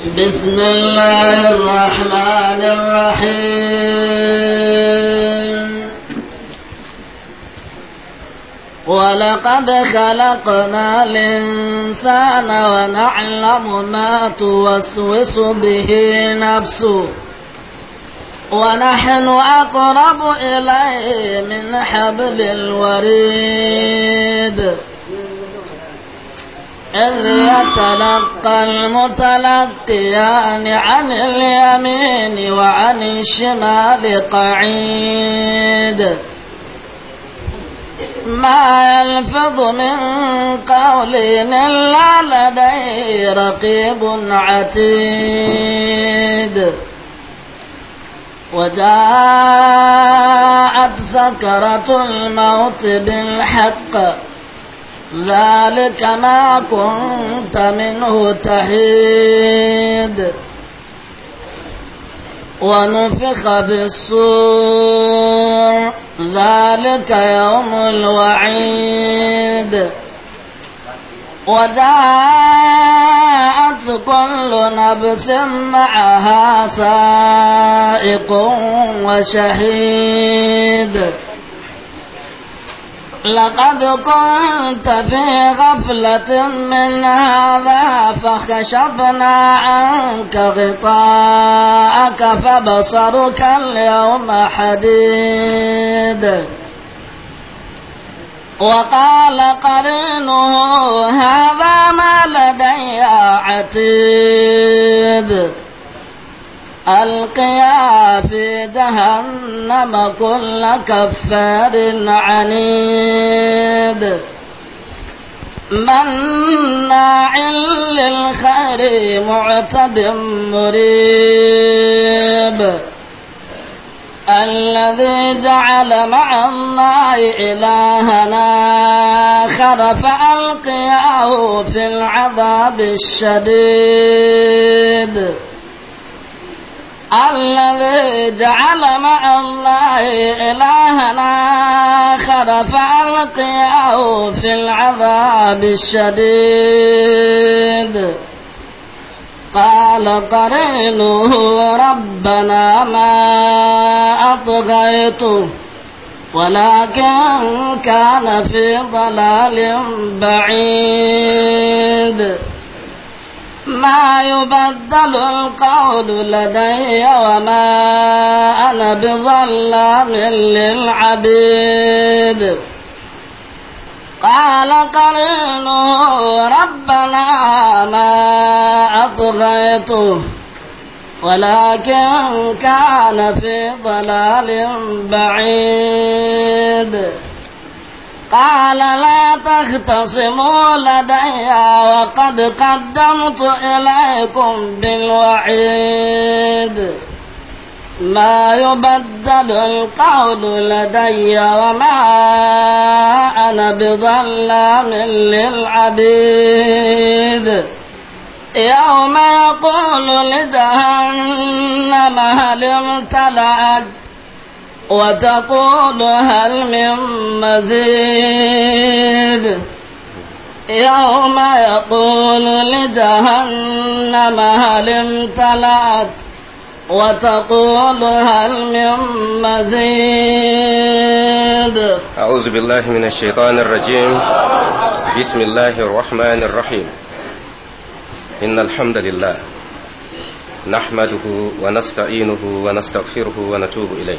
بسم الله الرحمن الرحيم ولقد خلقنا الإنسان ونعلم ما توسوس به نفسه ونحن أقرب إليه من حبل الوريد إذ يتلقى المتلقيان عن اليمين وعن الشمال قعيد ما يلفظ من قول إلا لديه رقيب عتيد وجاءت سكرة الموت بالحق ذلك ما كنت منه تحيد ونفخ بالصور ذلك يوم الوعيد وجاءت كل نبس معها سائق وشهيد لقد كنت في غفلة من هذا فخشفنا عنك غطاءك فبصرك اليوم حديد وقال قرنه هذا ما لدي عتيد ألقيا في جهنم كل كفار عنيد مناع للخير معتد مريب الذي جعل مع الله إلهنا آخر فألقياه في العذاب الشديد الذي جعل مع الله إلهنا آخر فألقياه في العذاب الشديد قال قرينه ربنا ما أطغيته ولكن كان في ضلال بعيد ما يبدل القول لدي وما أنا بظلام للعبيد قال قرينه ربنا ما أطغيته ولكن كان في ضلال بعيد قال لا تختصموا لدي وقد قدمت إليكم بالوعيد ما يبدل القول لدي وما أنا بظلام للعبيد يوم يقول لجهنم هل امتلأت وتقول هل من مزيد يوم يقول لجهنم هل امتلأت وتقول هل من مزيد أعوذ بالله من الشيطان الرجيم بسم الله الرحمن الرحيم إن الحمد لله نحمده ونستعينه ونستغفره ونتوب إليه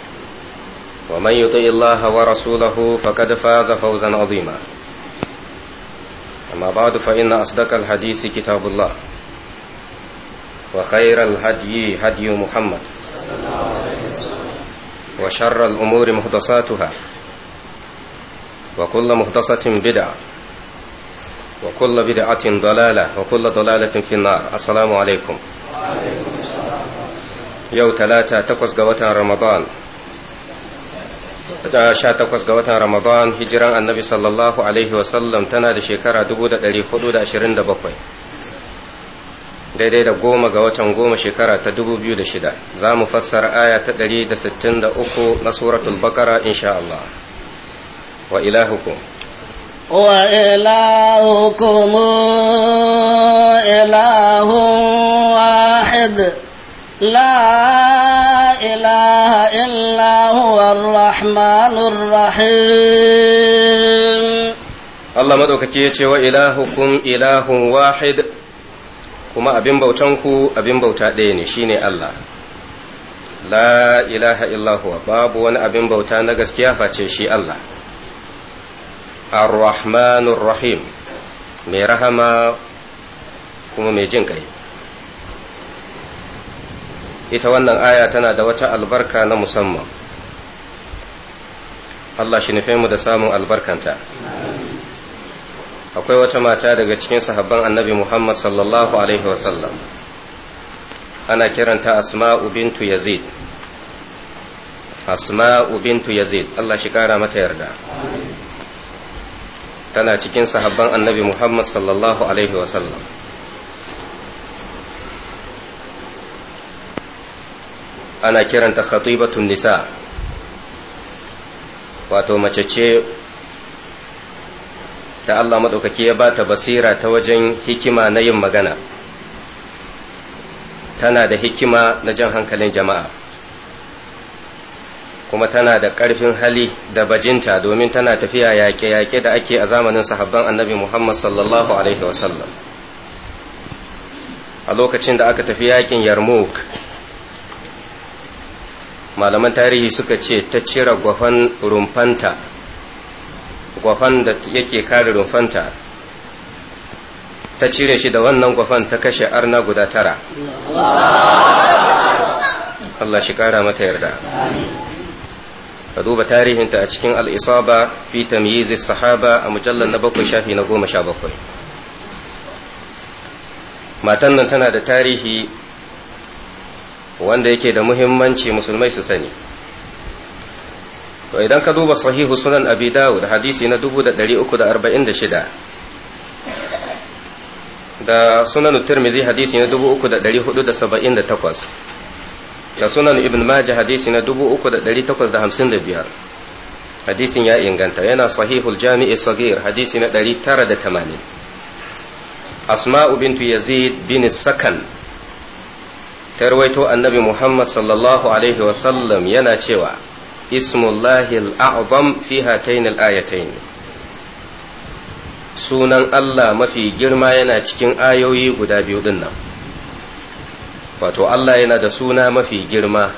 ومن يطع الله ورسوله فقد فاز فوزا عظيما أما بعد فإن أصدق الحديث كتاب الله وخير الهدي هدي محمد وشر الأمور محدثاتها وكل محدثة بدعة وكل بدعة ضلالة وكل ضلالة في النار السلام عليكم يوم ثلاثة تقص رمضان 18 ga watan Ramadan hijiran annabi sallallahu Alaihi wasallam tana da shekara 427 daidai da goma ga watan goma shekara ta 2006 za mu fassara aya ta 163 na suratul bakara insha Allah wa ilahukum wa ilahukum ilahun wahid la إله إلا هو الرحمن الرحيم الله مدوكك يتي وإلهكم إله واحد كما أبين بوتنكو أبين بوتا ديني شيني الله لا إله إلا هو باب وانا أبين بوتا نغس كيافة شي الله الرحمن الرحيم ميرهما كما ميجنكي ita wannan aya tana da wata albarka na musamman Allah shi nufe mu da samun albarkanta akwai wata mata daga cikin sahabban annabi Muhammad sallallahu alaihi wasallam ana kiranta asma'u bintu yazid asma'u bintu yazid Allah shi kara mata yarda tana cikin sahabban annabi Muhammad sallallahu alaihi wasallam ana kiranta khatibatun nisa wato mace ce da Allah maɗaukaki ya ba ta basira ta wajen hikima na yin magana tana da hikima na jan hankalin jama'a kuma tana da ƙarfin hali da bajinta domin tana tafiya yaƙe-yaƙe da ake a zamanin sahabban annabi Muhammad sallallahu Alaihi wasallam a lokacin da aka tafi yaƙin yarmouk malaman tarihi suka ce ta cire gwafan rumfanta gwafan da yake kare rumfanta ta cire shi da wannan gwafan ta kashe arna guda tara Allah shi kara mata yarda ka duba tarihinta a cikin al'isaba fi tamyizi sahaba a mujallar na bakwai shafi na goma sha bakwai matan nan tana da tarihi wanda yake da muhimmanci musulmai su sani to idan ka duba sahihu sunan abi dawud hadisi na 346 da sunan turmizi hadisi na 3478 da sunan ibn majah hadisi na 3855 hadisin ya inganta yana sahihul jami'i sagir hadisi na 980 asma'u bintu yazid bin sakan ta rawaito annabi Muhammad sallallahu alaihi wasallam yana cewa ismullahi al'azam fi hatain al'ayatain sunan Allah mafi girma yana cikin ayoyi guda biyu din nan wato Allah yana da suna mafi girma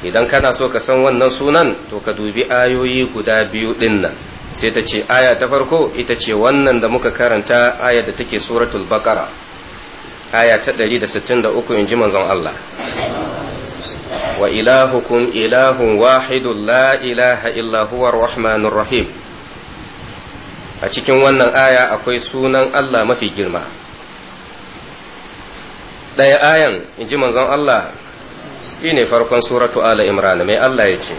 idan kana so ka san wannan sunan to ka dubi ayoyi guda biyu din nan sai ta ce aya ta farko ita ce wannan da muka karanta aya da take suratul baqara aya ta 163 in ji manzon Allah wa ilahukum ilahun wahidu la ilaha illa huwa rahmanur rahim a cikin wannan aya akwai sunan Allah mafi girma ɗaya ayan in ji manzon Allah shi ne farkon suratu ala imran mai Allah ya ce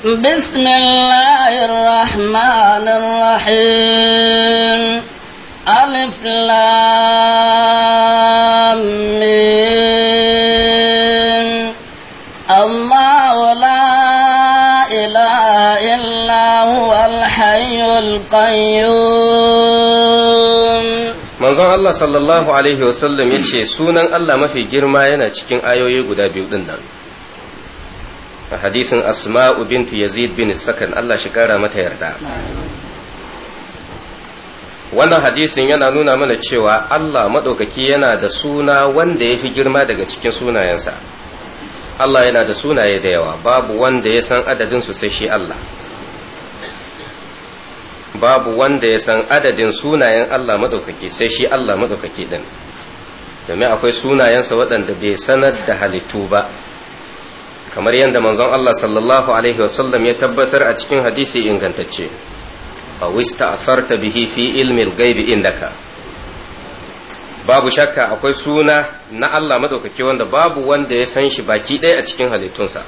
bismillahir rahmanir rahim ألف لام ميم الله لا إله إلا هو الحي القيوم manzon Allah sallallahu Alaihi wasallam ya ce sunan Allah mafi girma yana cikin ayoyi guda biyu din nan a hadisin asma'u bintu yazid bin sakan Allah shi kara mata yarda wannan hadisin yana nuna mana cewa Allah maɗaukaki yana da suna wanda ya fi girma daga cikin sunayensa Allah yana da sunaye da yawa babu wanda ya san adadin su sai shi Allah babu wanda ya san adadin sunayen Allah maɗaukaki sai shi Allah maɗaukaki ɗin domin akwai sunayensa waɗanda bai sanar da halittu ba kamar yadda manzon Allah sallallahu alaihi wasallam ya tabbatar a cikin hadisi ingantacce. A ista'sarta bihi fi ilmi al-ghaibi babu shakka akwai suna na Allah madaukaki wanda babu wanda ya san shi baki ɗaya a cikin halittunsa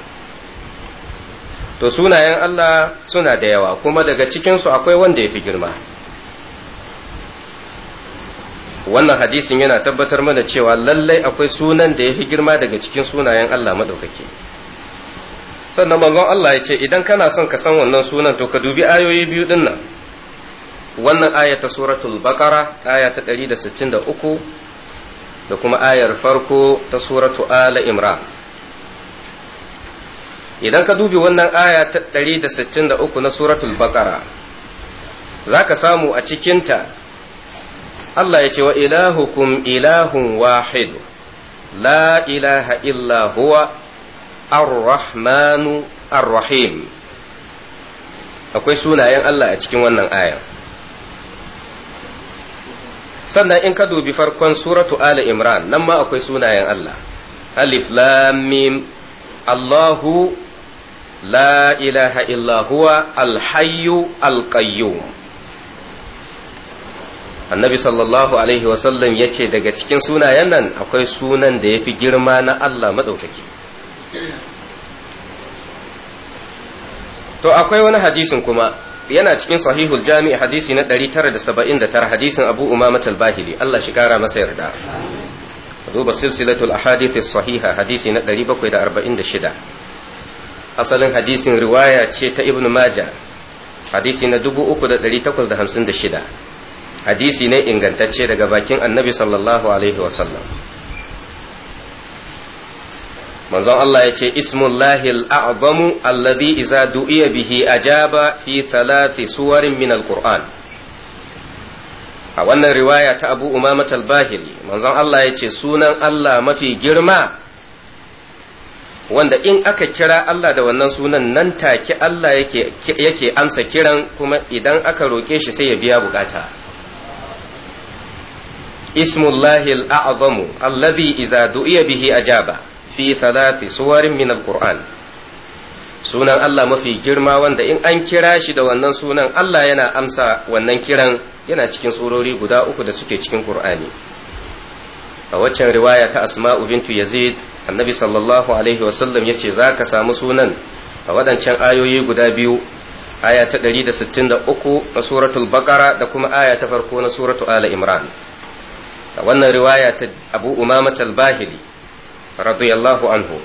to sunayen Allah suna da yawa kuma daga cikinsu akwai wanda ya fi girma wannan hadisin yana tabbatar mana cewa lallai akwai sunan da ya fi girma daga cikin sunayen Allah maɗaukaki sannan manzon Allah ya ce idan kana son ka san wannan sunan to ka dubi ayoyi biyu ɗin nan wannan aya ta suratul baqara aya ta 163 da kuma ayar farko ta suratu ala imran idan ka dubi wannan aya ta 163 na suratul baqara za ka samu a cikinta Allah ya ce wa ilahukum ilahun wahid la ilaha illa huwa ar-rahmanu ar-rahim akwai sunayen Allah a cikin wannan ayan sannan in ka dubi farkon suratu ali imran nan ma akwai sunayen Allah alif lam mim Allahu la ilaha illa huwa alhayyu alqayyum annabi sallallahu alaihi wasallam ya ce daga cikin sunayen nan akwai sunan da yafi girma na Allah madaukaki. to akwai wani hadisin kuma yana cikin sahihul jami'i hadisi na 979 hadisin abu umama al-bahili Allah shi kara masa yarda duba silsilatul ahadith sahiha hadisi na 746 asalin hadisin riwaya ce ta ibnu maja hadisi na 3856 hadisi ne ingantacce daga bakin annabi sallallahu alaihi sallam. manzon Allah ya ce ismullahi al'azamu alladhi iza du'iya bihi ajaba fi talati suwarin min alquran a wannan riwaya ta abu umama talbahili manzon Allah ya ce sunan Allah mafi girma wanda in aka kira Allah da wannan sunan nan take Allah yake, yake amsa kiran kuma idan aka roƙe shi sai ya biya bukata ismullahi al'azamu alladhi iza du'iya bihi ajaba fi thalathi suwarin min alquran sunan Allah mafi girma wanda in an kira shi da wannan sunan Allah yana amsa wannan kiran yana cikin surori guda uku da suke cikin Qur'ani a waccan riwaya ta Asma'u bintu Yazid annabi sallallahu alaihi wasallam yace zaka samu sunan a waɗancan ayoyi guda biyu aya ta 163 na suratul baqara da kuma aya ta farko na suratul Ala imran a wannan riwaya ta abu umamat al-bahili radiyallahu anhu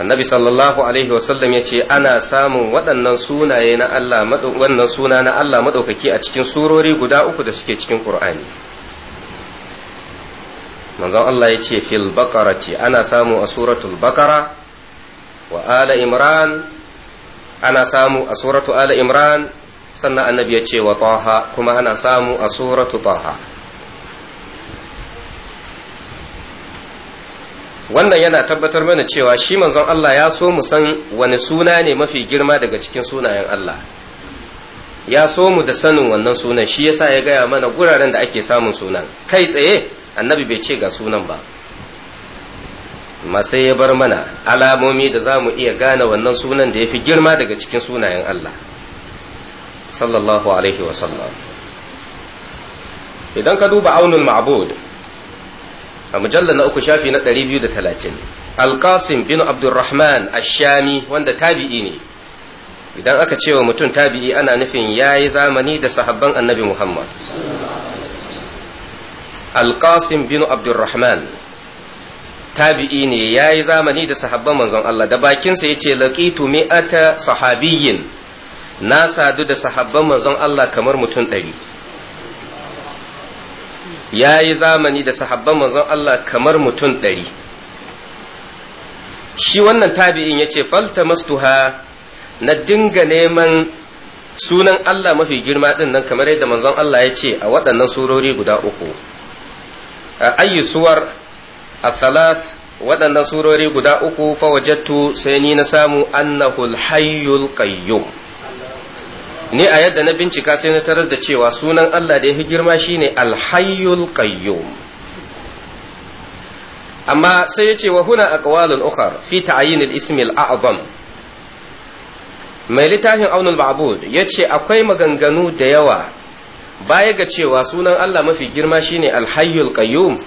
annabi sallallahu alaihi wasallam ya ce ana samun waɗannan sunaye na Allah wannan suna na Allah maɗaukaki a cikin surori guda uku da suke cikin Qur'ani manzon Allah ya ce fil baqarati ana samu a suratul baqara wa ala imran ana samu a suratu ala imran sannan annabi ya ce wa taha kuma ana samu a suratu taha wannan yana tabbatar mana cewa shi manzon Allah ya so mu san wani suna ne mafi girma daga cikin sunayen Allah ya so mu da sanin wannan sunan shi yasa ya gaya mana guraren da ake samun sunan kai tsaye annabi bai ce ga sunan ba sai ya bar mana alamomi da za mu iya gane wannan sunan da ya fi girma daga cikin sunayen Allah sallallahu alaihi sallam. idan ka duba aunul ma'bud a mujallar na uku shafi na 230 alqasim bin abdurrahman ashami wanda tabi'i ne idan aka ce wa mutum tabi'i ana nufin yayi zamani da sahabban annabi muhammad alqasim bin abdurrahman tabi'i ne yayi zamani da sahabban manzon Allah da bakinsa yace laqitu mi'ata sahabiyyin na sadu da sahabban manzon Allah kamar mutum ɗari ya yi zamani da sahabban manzon Allah kamar mutum ɗari shi wannan tabi'in ya ce falta mastuha na dinga neman sunan Allah mafi girma ɗin nan kamar yadda manzon Allah ya ce a waɗannan surori guda uku A ayyu suwar asalas waɗannan surori guda uku fa fawajattu sai ni na samu annahul hayyul qayyum ni a yadda na bincika sai na tarar da cewa sunan Allah da ya fi girma shi ne alhayyul ƙayyum. amma sai ya ce wa huna ƙawalin ukar fi ta'yin al ismil mai littafin aunul ba'abud ya ce akwai maganganu da yawa baya ga cewa sunan Allah mafi girma shi ne alhayyul qayyum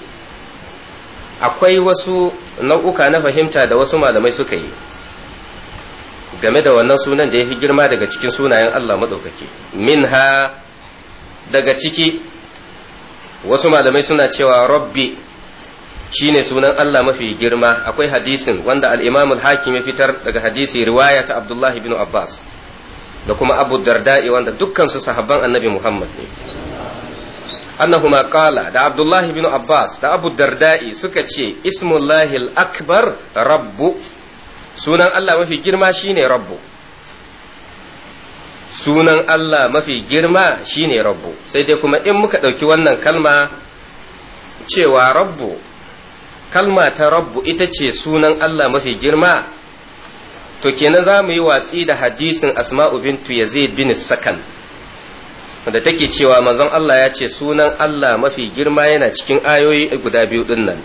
akwai wasu nau'uka na fahimta da wasu malamai suka yi game da wannan sunan da ya fi girma daga cikin sunayen Allah maɗaukaki minha daga ciki wasu malamai suna cewa rabbi shine sunan Allah mafi girma akwai hadisin wanda al-imam al-hakim ya fitar daga hadisi riwaya ta abdullahi bin Abbas da kuma Abu Darda'i wanda dukkansu sahabban Annabi Muhammad ne annahuma qala da abdullahi bin Abbas da Abu Darda'i suka ce ismullahi al-akbar rabbu sunan Allah mafi girma shine rabbu sunan Allah mafi girma shine rabbu sai dai kuma in muka ɗauki wannan kalma cewa rabbu kalma ta rabbu ita ce sunan Allah mafi girma to kenan za mu yi watsi da hadisin asma'u bintu yazid bin sakan da take cewa manzon Allah ya ce sunan Allah mafi girma yana cikin ayoyi guda biyu dinnan.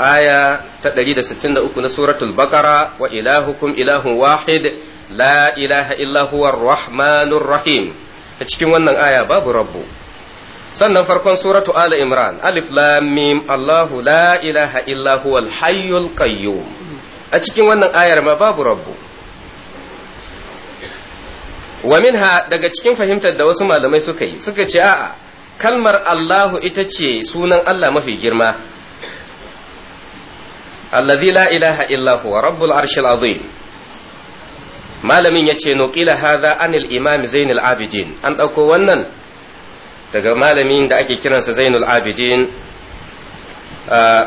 aya ta 163 na suratul bakara wa ilahukum ilahun wahid la ilaha illa huwa rahmanur rahim a cikin wannan aya babu rabbu sannan farkon suratu ala imran alif lam mim allahu la ilaha illa hayyul qayyum a cikin wannan ayar ma babu rabbu wa minha daga cikin fahimtar da wasu malamai suka yi suka ce a'a kalmar allahu ita ce sunan allah mafi girma allazi la ilaha illa huwa rabbul arshil azim malamin yace nuqila hadha anil imam zainul abidin an dauko wannan daga malamin da ake kiransa zainul abidin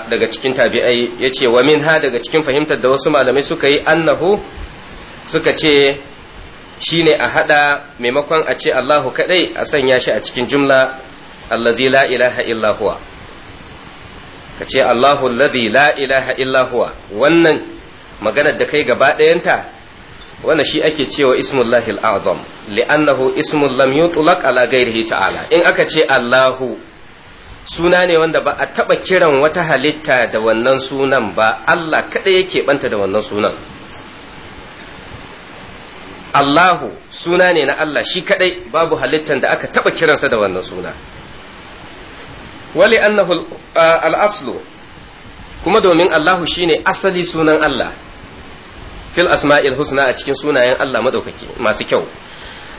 daga cikin tabi'ai yace wa min ha daga cikin fahimtar da wasu malamai suka yi annahu suka ce shine a hada maimakon a ce Allahu kadai a sanya shi a cikin jumla allazi la ilaha illa huwa ka ce Allahu ladhi la ilaha illa huwa wannan maganar da kai gaba ɗayanta wannan shi ake cewa ismullahi al'azam li'annahu ismun lam yutlaq ala ghairihi ta'ala in aka ce Allahu suna ne wanda ba a taba kiran wata halitta da wannan sunan ba Allah kaɗai yake banta da wannan sunan Allahu suna ne na Allah shi kaɗai babu halittan da aka taba kiransa da wannan suna wali annahu uh, al kuma domin Allahu shine asali sunan Allah fil asma'il husna a cikin sunayen Allah maɗaukaki masu kyau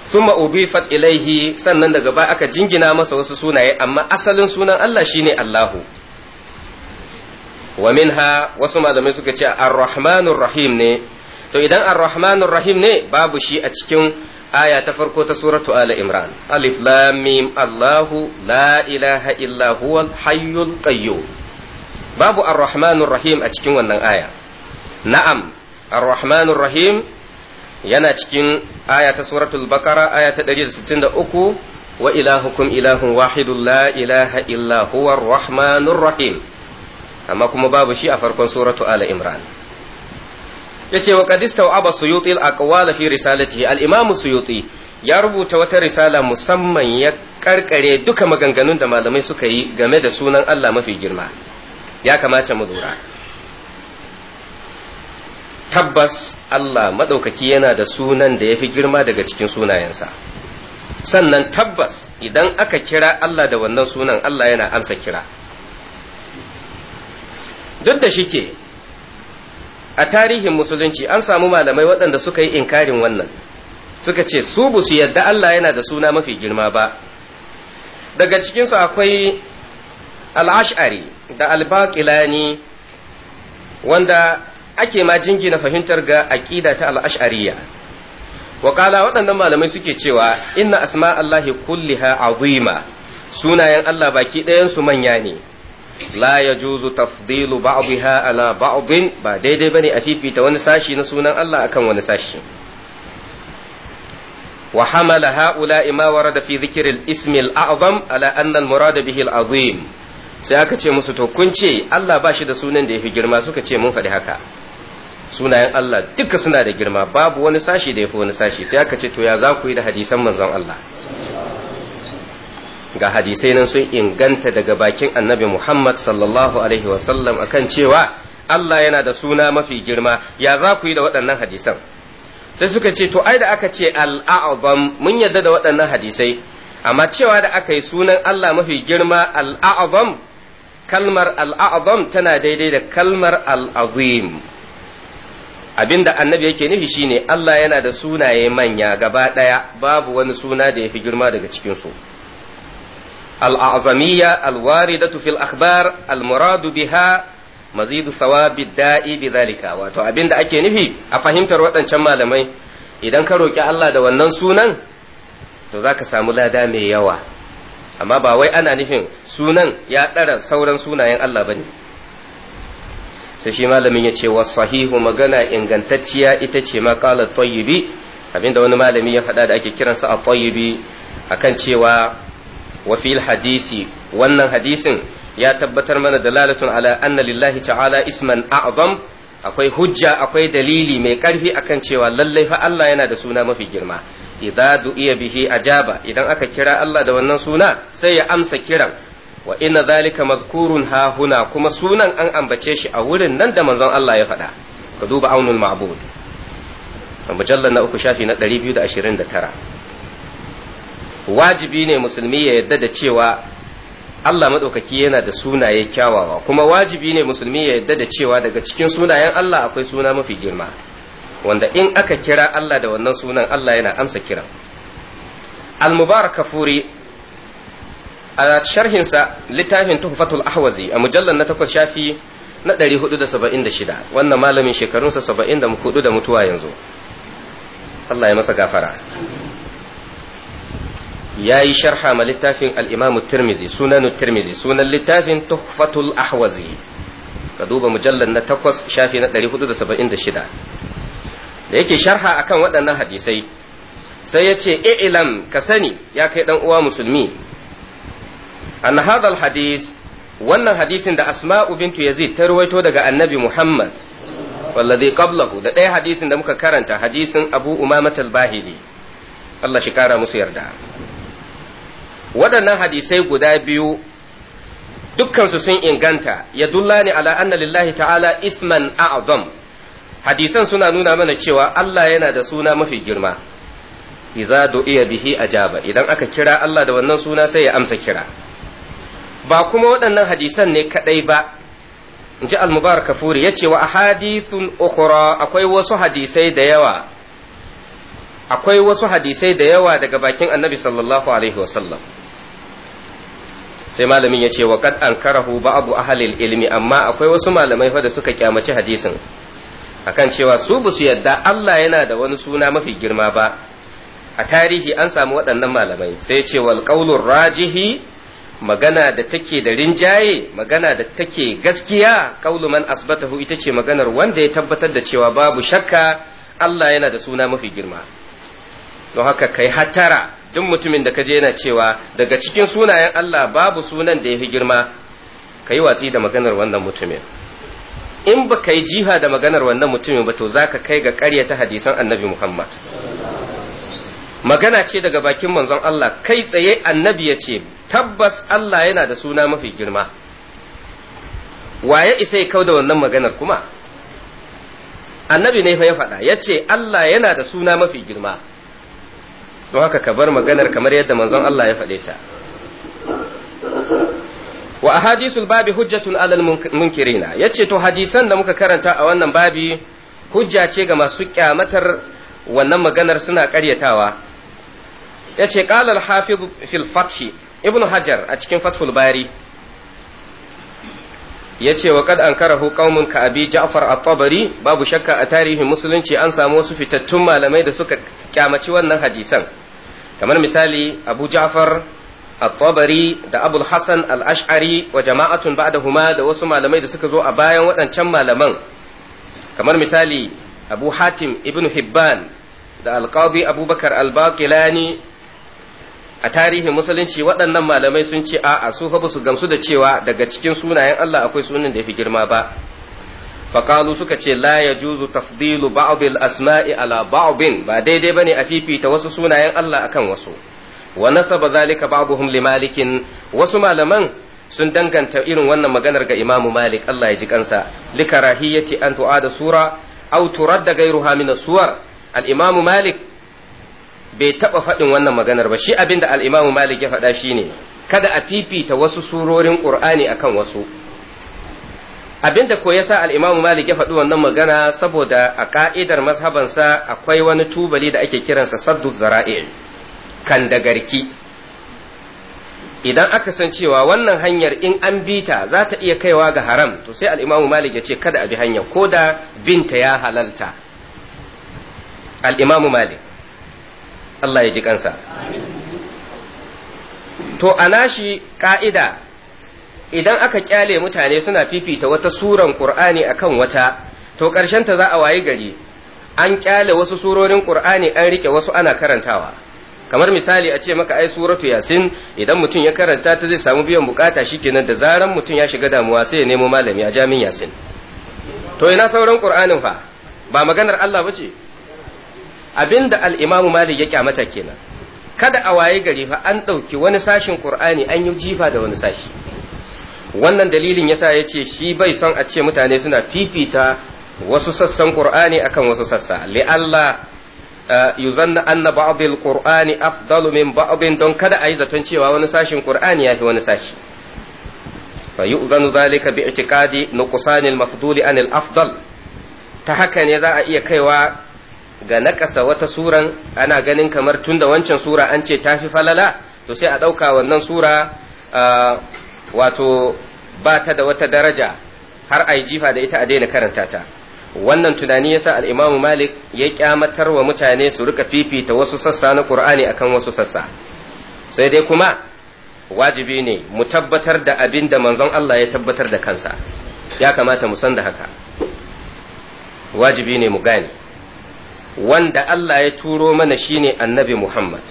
summa ubifat ilaihi sannan daga ba aka jingina masa wasu sunaye amma asalin sunan Allah shine Allahu wa minha wasu malamai suka ce ar-rahmanur rahim ne to idan ar-rahmanur rahim ne babu shi a cikin aya ta farko ta suratu ala imran alif lam mim allahu la ilaha illa huwal hayyul qayyum babu arrahmanur rahim a cikin wannan aya na'am arrahmanur rahim yana cikin aya ta suratul baqara aya ta 163 wa ilahukum ilahun wahidu la ilaha illa rahim amma kuma babu shi a farkon suratu ala imran yace wa qad istaw'aba suyuti al-aqwal fi risalatihi al-imam suyuti ya rubuta wata risala musamman ya karkare duka maganganun da malamai suka yi game da sunan Allah mafi girma ya kamata mu lura tabbas Allah madaukaki yana da sunan da yafi girma daga cikin sunayensa sannan tabbas idan aka kira Allah da wannan sunan Allah yana amsa kira duk da shike a tarihin musulunci an samu malamai waɗanda suka yi inkarin wannan suka ce su bu su yadda Allah yana da suna mafi girma ba daga cikinsu akwai al'ash'ari da albaƙilani wanda ake ma jingina fahimtar ga aƙida ta al'ash'ariya wakala waɗannan malamai suke cewa inna asma Allahi kulliha azima sunayen Allah baki ɗayansu manya ne la yajuzu tafdilu ba'daha ala ba'din ba daidai ba ne a fifita wani sashi na sunan Allah akan wani sashi wa hamala haula ma warada fi ismil al-ismi al-a'zam ala anna al azim sai aka ce musu to kun ce Allah bashi da sunan da yafi girma suka ce mun faɗi haka sunayen Allah duka suna da girma babu wani sashi da yafi wani sashi sai aka ce to ya za ku yi da hadisan manzon Allah ga hadisai nan sun inganta daga bakin annabi Muhammad sallallahu alaihi wasallam akan cewa Allah yana da suna mafi girma ya za ku yi da waɗannan hadisan sai suka ce to ai da aka ce al'a'azam mun yarda da waɗannan hadisai amma cewa da aka yi sunan Allah mafi girma al'a'azam kalmar al'a'azam tana daidai da kalmar al'azim abinda annabi yake nufi shine Allah yana da sunaye manya gaba ɗaya babu wani suna da ya fi girma daga cikinsu. su al الأعظمية الواردة في الأخبار almuradu biha مزيد ثواب الداء بذلك wato abin da ake nufi a fahimtar waɗancan malamai idan ka roƙi Allah da wannan sunan to za ka samu lada mai yawa amma ba wai ana nufin sunan ya ɗara sauran sunayen Allah ba ne sai shi malamin ya ce wa sahihu magana ingantacciya ita ce maƙalar abin da wani malami ya faɗa da ake kiransa a tayyibi akan cewa wa hadisi wannan hadisin ya tabbatar mana dalalatun ala anna lillahi ta'ala isman a'zam akwai hujja akwai dalili mai karfi akan cewa lallai fa Allah yana da suna mafi girma idza iya bihi ajaba idan aka kira Allah da wannan suna sai ya amsa kiran wa ina zalika mazkurun hahuna, kuma sunan an ambace shi a wurin nan da manzon Allah ya faɗa ka duba aunul ma'bud mujallar na uku shafi na tara. wajibi ne musulmi ya yarda da cewa Allah maɗaukaki yana da sunaye kyawawa kuma wajibi ne musulmi ya yarda da cewa daga cikin sunayen Allah akwai suna mafi girma wanda in aka kira Allah da wannan sunan Allah yana amsa kira al mubarakafuri a sharhinsa littafin tuhfatul ahwazi a mujallar na takwas shafi na 476 wannan malamin shekarunsa 74 da mutuwa yanzu Allah ya masa gafara ya yi sharha ma littafin al'imamu tirmizi sunan Turmizi sunan littafin tuhfatul ahwazi ka duba mujallar na takwas shafi na 476 da yake sharha akan waɗannan hadisai sai ya ce ilam ka sani ya kai ɗan uwa musulmi an hadal hadis wannan hadisin da asma'u bintu yazid ta ruwaito daga annabi muhammad wallazi qablahu da ɗaya hadisin da muka karanta hadisin abu umamat al-bahili Allah shi kara musu yarda waɗannan hadisai guda biyu dukkansu sun inganta ya dulla ni ala anna lillahi ta'ala isman a'zam hadisan suna nuna mana cewa Allah yana da suna mafi girma iza du'iya bihi ajaba idan aka kira Allah da wannan suna sai ya amsa kira ba kuma waɗannan hadisan ne kaɗai ba Inji ji al-mubarak kafuri yace wa ahadithun ukhra akwai wasu hadisai da yawa akwai wasu hadisai da yawa daga bakin annabi sallallahu alaihi wasallam sai malamin ya ce wa karahu ankarahu abu ahalil ilmi amma akwai wasu malamai fa da suka kyamaci hadisin akan cewa su basu yadda Allah yana da wani suna mafi girma ba a tarihi an samu waɗannan malamai sai ce wal qaulur rajihi magana da take da rinjaye magana da take gaskiya qaulu man asbatahu ita ce maganar wanda ya tabbatar da cewa babu shakka Allah yana da suna mafi girma don haka kai hatara duk mutumin da ka je yana cewa daga cikin sunayen Allah babu sunan da ya fi girma ka yi watsi da maganar wannan mutumin in ba ka yi jiha da maganar wannan mutumin ba to za ka kai ga ƙarya ta hadisan annabi Muhammad magana ce daga bakin manzon Allah kai tsaye annabi ya ce tabbas Allah yana da suna mafi girma waye isa ya kau da wannan maganar kuma annabi ne fa ya faɗa ya ce Allah yana da suna mafi girma don haka ka bar maganar kamar yadda manzon Allah ya faɗe ta wa ahadisul babi hujjatun alal munkirina ce to hadisan da muka karanta a wannan babi hujja ce ga masu kyamatar wannan maganar suna ƙaryatawa yace ce ƙalal hafiz fil fath ibnu hajar a cikin fathul bari yace wa kad ankarahu qaumun ka abi ja'far at-tabari babu shakka a tarihin musulunci an samu wasu fitattun malamai da suka kyamaci wannan hadisan kamar misali abu ja'far at-tabari da abul hasan al-ash'ari wa jama'atun ba'dahuma da wasu malamai da suka zo a bayan waɗancan malaman kamar misali abu hatim ibn hibban da alqadi abubakar al-baqilani a tarihin musulunci waɗannan malamai sun ce a'a su fa su gamsu da cewa daga cikin sunayen Allah akwai sunan da ya fi girma ba faƙalu suka ce la ya juzu tafdilu ba'dil asma'i ala ba'din ba daidai bane a fifita wasu sunayen Allah akan wasu wa nasaba zalika ba'dhum li malikin wasu malaman sun danganta irin wannan maganar ga imam Malik Allah ya ji kansa li karahiyati an tu'ada sura aw turadda ghayruha min suwar al Malik bai taba faɗin wannan maganar ba shi abinda al Imamu Malik ya faɗa shine kada a fifita wasu surorin Qur'ani akan wasu abinda ko yasa al-Imam Malik ya faɗi wannan magana saboda a ka'idar mazhabansa akwai wani tubali da ake kiransa saddu zara'il kan da garki idan aka san cewa wannan hanyar in an bi ta za ta iya kaiwa ga haram to sai al-Imam Malik ya ce kada a bi hanyar ko da binta ya halalta al-Imam Malik Allah ya ji kansa to a nashi ka'ida idan aka kyale mutane suna fifita wata suran qur'ani akan wata to ƙarshen ta za a wayi gari an kyale wasu surorin qur'ani an rike wasu ana karantawa kamar misali a ce maka ai suratu yasin idan mutum ya karanta ta zai samu biyan bukata shikenan da zaran mutum ya shiga damuwa sai ya nemo malami a jamin yasin to ina sauran qur'anin fa ba maganar Allah bace abinda al-imamu malik ya kyamata kenan kada a wayi gari fa an ɗauki wani sashin qur'ani an yi jifa da wani sashi wannan dalilin yasa ya ce shi bai son a ce mutane suna fifita wasu sassan qur'ani akan wasu sassa li'alla eh, yuzanna anna ba'dil qur'ani afdalu min ba'din don kada a yi zaton cewa wani sashin qur'ani yafi wani sashi fa yu'zanu zalika bi i'tiqadi nuqsan al-mafdul an al-afdal ta haka ne za a iya kaiwa ga nakasa wata suran ana ganin kamar tunda wancan sura an ce tafi falala to sai a ɗauka wannan sura eh, wato ba ta da wata daraja har a yi jifa da ita a daina karanta ta wannan tunani yasa al-Imam Malik ya kyamatar wa mutane su rika fifita wasu sassa na Qur'ani akan wasu sassa sai dai kuma wajibi ne mu tabbatar da abin da manzon Allah ya tabbatar da kansa ya kamata mu san da haka wajibi ne mu gane wanda Allah ya turo mana shine annabi Muhammad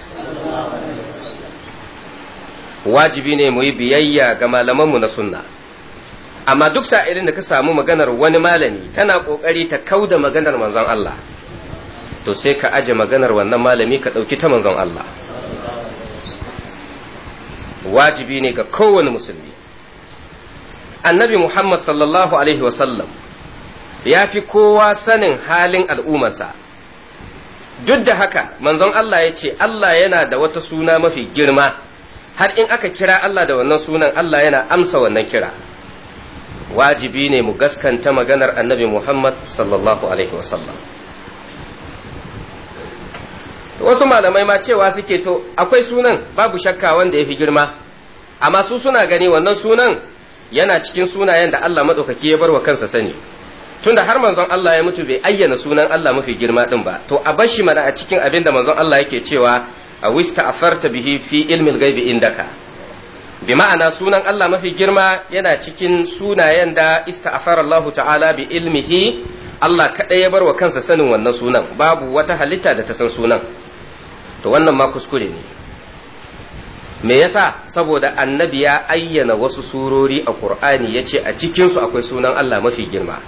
wajibi ne mu yi biyayya ga malamanmu na sunna amma duk sa'irin da ka samu maganar wani malami tana kokari ta kauda maganar manzon Allah to sai ka aje maganar wannan malami ka ɗauki ta manzon Allah wajibi ne ga kowane musulmi annabi Muhammad sallallahu alaihi wasallam ya fi kowa sanin halin al'ummarsa duk da haka manzon Allah ya ce Allah yana da wata suna mafi girma har in aka kira Allah da wannan sunan Allah yana amsa wannan kira wajibi ne mu gaskanta maganar annabi Muhammad sallallahu alaihi wasallam wasu malamai ma cewa suke to akwai sunan babu shakka wanda ya fi girma amma su suna gani wannan sunan yana cikin sunayen da Allah maɗaukaki ya bar wa kansa sani tunda har manzon Allah ya mutu bai ayyana sunan Allah mafi girma din ba to a bar shi mana a cikin abinda da manzon Allah yake cewa a wista afarta bihi fi ilmin gaibi indaka bi ma'ana sunan Allah mafi girma yana cikin sunayen da ista'afara Allahu ta'ala bi ilmihi Allah kaɗai ya bar wa kansa sanin wannan sunan babu wata halitta da ta san sunan to wannan ma kuskure ne me yasa saboda annabi ya ayyana wasu surori a Qur'ani yace a cikin su akwai sunan Allah mafi girma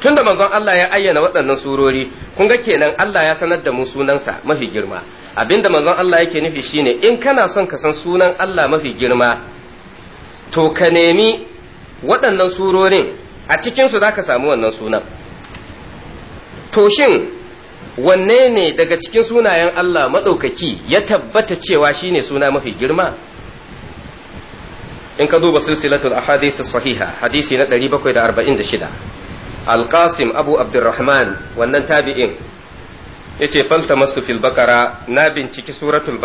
tunda manzon Allah ya ayyana waɗannan surori kun ga kenan Allah ya sanar da mu sunansa mafi girma abinda manzon Allah yake nufi shine in kana son ka san sunan Allah mafi girma to ka nemi waɗannan surorin a cikin su zaka samu wannan sunan to shin wanne ne daga cikin sunayen Allah maɗaukaki ya tabbata cewa shine suna mafi girma in ka duba silsilatul ahadith sahiha hadisi na 746 alƙasim abu abdurrahman wannan tabi'in yace ce falta masu fil bakara na binciki suratul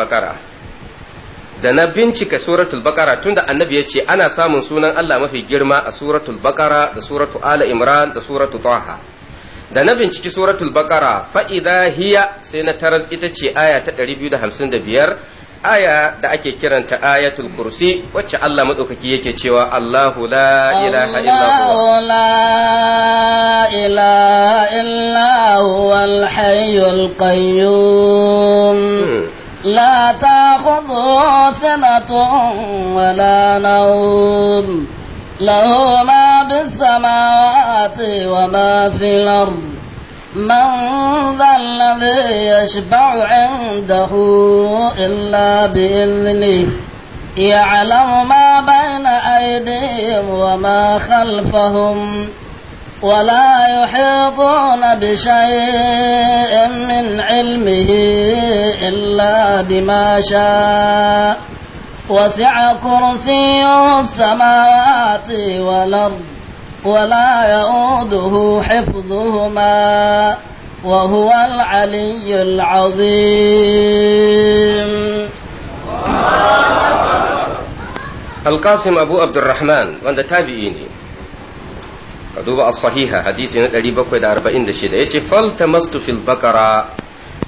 da na bincika suratul bakara tunda annabi ya ce ana samun sunan Allah mafi girma a suratul bakara da suratul ala imran da suratul taha da na binciki suratul bakara idha hiya sai na taras ita ce aya ta 255 aya da ake kiranta ayatul kursi wacce Allah maɗaukaki yake cewa Allahu la ilaha illa huwa la ilaha illa لا تأخذه سنة ولا نوم له ما بالسماوات وما في الأرض من ذا الذي يشبع عنده إلا بإذنه يعلم ما بين أيديهم وما خلفهم ولا يحيطون بشيء من علمه إلا بما شاء وسع كرسيه السماوات والأرض ولا يؤوده حفظهما وهو العلي العظيم القاسم أبو عبد الرحمن وأنت تابعيني ka duba as-sahiha hadisi na 746 yace faltamastu fil baqara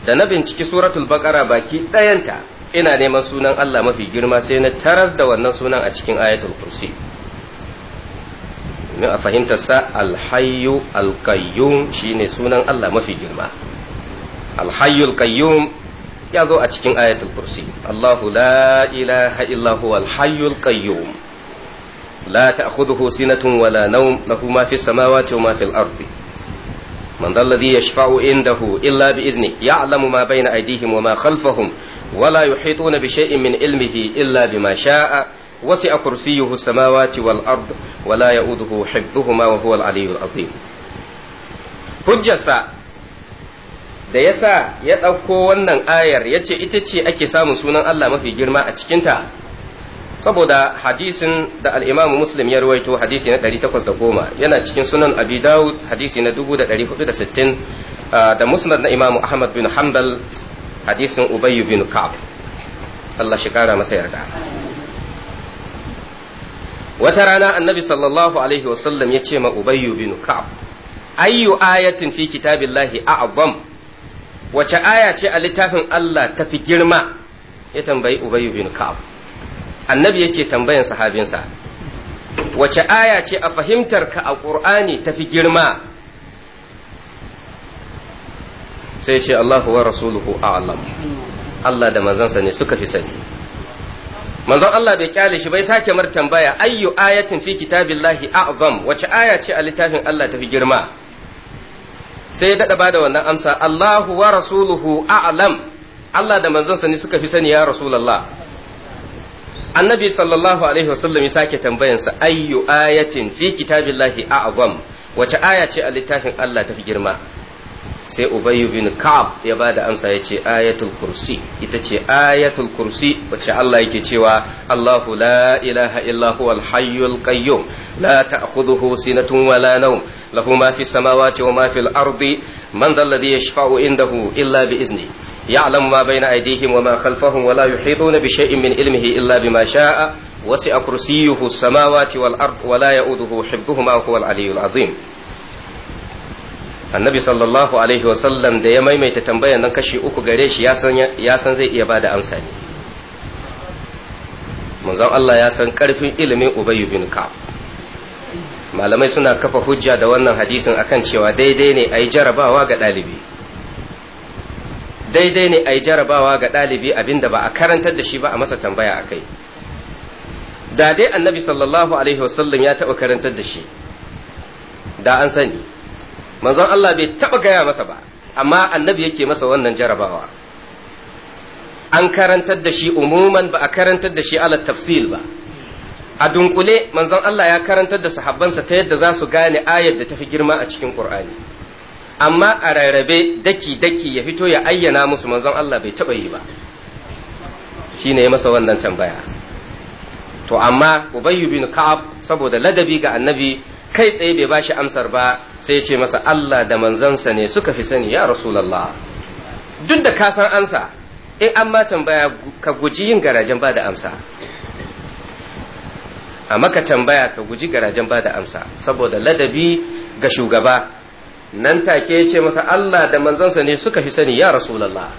da na binciki suratul baqara baki ɗayanta, ina neman sunan Allah mafi girma sai na taras da wannan sunan a cikin ayatul kursi domin a fahimtarsa alhayyu alkayyum shine sunan Allah mafi girma alhayu alkayyum ya zo a cikin ayatul kursi Allahu la ilaha illa huwa alhayyu alkayyum la ta'khudhuhu sinatun wala nawm lahu ma fis samawati wa ma fil ardi man dhal ladhi yashfa'u indahu illa bi izni ya'lamu ma bayna aydihim wa ma khalfahum ولا bi بشيء min علمه illa بما sha'a. وسع كرسيه السماوات والأرض ولا يؤوده حفظهما وهو العلي العظيم hujjarsa da ya sa ya ɗauko wannan ayar ya ce ita ce ake samun sunan Allah mafi girma a cikinta saboda hadisin da al'imamu muslim ya ruwaito hadisi na 810 yana cikin sunan abi dawud hadisi na 460 da musnad na imamu ahmad bin hanbal hadisin ubayyu bin ka'ab Allah shi kara masa yarda wata rana annabi sallallahu alaihi wasallam ya ce ma ubayyu bin ka'ab ayyu ayatin fi kitabillahi a'zam wace aya ce a littafin Allah ta fi girma ya tambayi ubayyu bin ka'ab annabi yake tambayan sahabinsa wace aya ce a fahimtar ka a qur'ani ta fi girma sai ce Allahu wa rasuluhu a'lam Allah da manzansa ne suka fi sani manzon Allah bai kyale shi bai sake mar tambaya ayyu ayatin fi kitabillahi a'zam wace aya ce a littafin Allah tafi girma sai ya dada bada wannan amsa Allahu wa rasuluhu a'lam Allah da manzonsa ne suka fi sani ya rasulullah annabi sallallahu alaihi wasallam ya sake tambayansa ayyu ayatin fi kitabillahi a'zam wace aya ce a littafin Allah tafi girma sai ubayyu bin ka'ab ya ba da amsa ya ce ayatul kursi ita ce ayatul kursi wacce Allah yake cewa Allahu la ilaha illa huwal hayyul qayyum la ta'khudhuhu sinatun wa la nawm lahu ma fi samawati wa ma fil ardi man dhal ladhi yashfa'u indahu illa bi izni يعلم ما بين أيديهم وما خلفهم ولا يحيطون بشيء من علمه إلا بما شاء وسع كرسيه السماوات والأرض ولا يؤوده حفظهما وهو العلي العظيم annabi sallallahu alaihi wasallam da ya maimaita tambayar nan kashi uku gare shi ya san zai iya bada amsa ne manzon Allah ya san karfin ilimin Ubay bin Ka'ab malamai suna kafa hujja da wannan hadisin akan cewa daidai ne a yi jarabawa ga ɗalibi daidai ne a yi jarabawa ga ɗalibi abinda ba a karantar da shi ba a masa tambaya a kai da dai annabi sallallahu alaihi wasallam ya taɓa karantar da shi da an sani manzon Allah bai taba gaya masa ba amma annabi yake masa wannan jarabawa an karantar da shi umuman ba a karantar da shi ala tafsil ba a dunkule manzon Allah ya karantar da sahabbansa ta yadda za su gane ayar da tafi girma a cikin Qur'ani amma a rarrabe daki daki ya fito ya ayyana musu manzon Allah bai taba yi ba shine ya masa wannan tambaya to amma ubayyu bin Ka'ab saboda ladabi ga annabi kai tsaye bai bashi amsar ba sai ya ce masa Allah da manzansa ne suka fi sani ya rasulullah duk da ka san ansa in an ma tambaya ka guji yin garajen ba da amsa a maka tambaya ka guji garajen ba da amsa saboda ladabi ga shugaba nan take ya ce masa Allah da manzansa ne suka fi sani ya rasulallah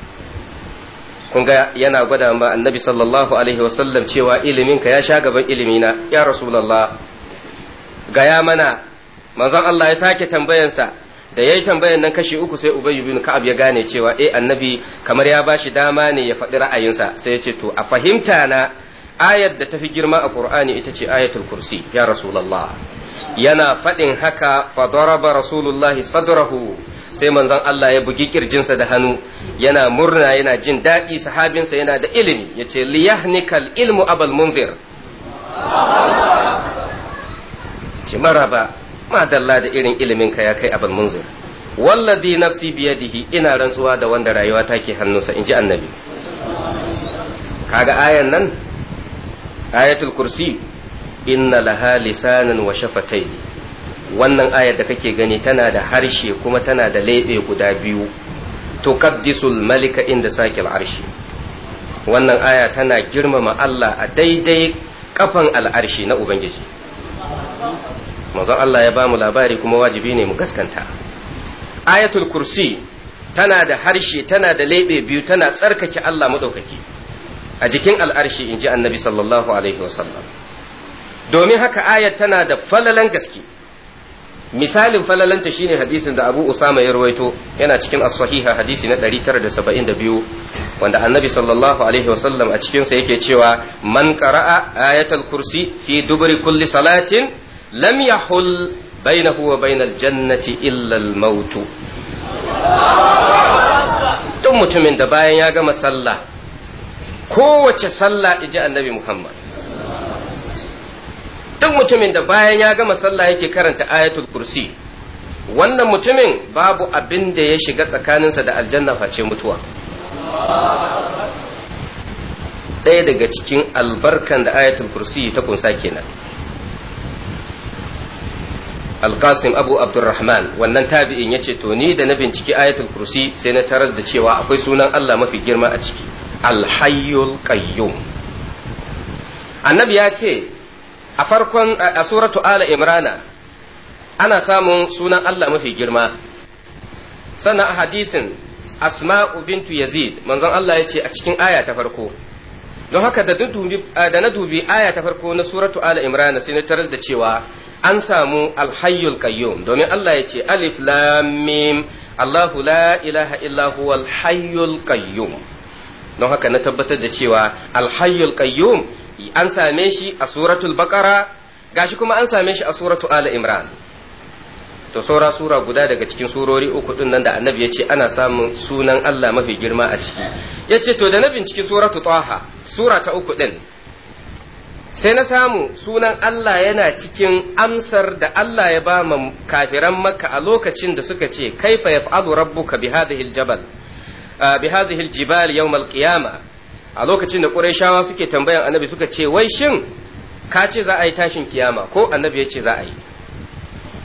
kun ga yana gwada ma annabi sallallahu alaihi wasallam cewa iliminka ya sha gaban ilimina ya rasulallah gaya mana manzon Allah ya sake tambayansa da yayi tambayan nan kashi uku sai Ubay ibn Ka'ab ya gane cewa eh annabi kamar ya bashi dama ne ya faɗi ra'ayinsa sai ya ce to a fahimta na ayar da tafi girma a Qur'ani ita ce ayatul kursi ya Rasulullah yana faɗin haka fa daraba Rasulullahi sadrahu sai manzon Allah ya bugi kirjinsa da hannu yana murna yana jin daɗi sahabinsa yana da ilimi yace liyahnikal ilmu abal munzir ce maraba dalla da irin ilimin ka ya kai abul munzir wallazi nafsi biyadihi ina rantsuwa da wanda rayuwa take hannunsa inji annabi kaga ayan nan ayatul kursi inna laha lisanan wa shafatai wannan ayar da kake gani tana da harshe kuma tana da leɓe guda biyu to tuqaddisul malika inda sakil arshi wannan aya tana girmama Allah a daidai kafan al'arshi na ubangiji manzon Allah ya ba mu labari kuma wajibi ne mu gaskanta ayatul kursi tana da harshe tana da leɓe biyu tana tsarkake Allah maɗaukaki a jikin al'arshi in ji annabi sallallahu alaihi wasallam domin haka ayat tana da falalan gaske misalin falalanta shine hadisin da abu usama ya rawaito yana cikin as-sahiha hadisi na 972 wanda annabi sallallahu alaihi wasallam a cikinsa yake cewa man qara'a ayatul kursi fi dubri kulli salatin لم يحل بينه وبين الجنة jannati illa تم maut دبايا mutumin da bayan ya gama sallah kowace sallah duk mutumin da bayan ya gama sallah yake karanta ayatul kursi wannan mutumin babu abin da ya shiga tsakaninsa da aljanna face mutuwa ɗaya daga cikin albarkan da ayatul kursi ta kunsa kenan alkasim abu abdurrahman wannan tabi'in ya ce to ni da na binciki ayatul kursi sai na taras da cewa akwai sunan allah mafi girma a ciki alhayyul qayyum annabi ya ce a farkon a suratu ala imrana ana samun sunan allah mafi girma sannan a hadisin asma'u bintu yazid manzon allah ya ce a cikin aya ta farko don haka da na dubi aya ta farko na suratu ala imrana sai na taras da cewa an samu alhayyul kayyum domin Allah ya ce alif lam mim Allahu la ilaha illa huwa alhayyul kayyum don haka na tabbatar da cewa alhayyul kayyum an same shi a suratul baqara gashi kuma an same shi a suratu Ala imran to saura sura guda daga cikin surori uku din nan da annabi ya ce ana samun sunan Allah mafi girma a ciki Yace to da na binciki suratu taha sura ta uku din sai na samu sunan Allah yana cikin amsar da Allah ya ba ma kafiran makka a lokacin da suka ce kaifa yaf'alu rabbuka bi hadhihi jabal ah, bi hadhihi aljibal yawm alqiyama a lokacin da qurayshawa suke tambayan annabi suka ce wai shin ka ce za a yi tashin kiyama ko annabi ya ce za a yi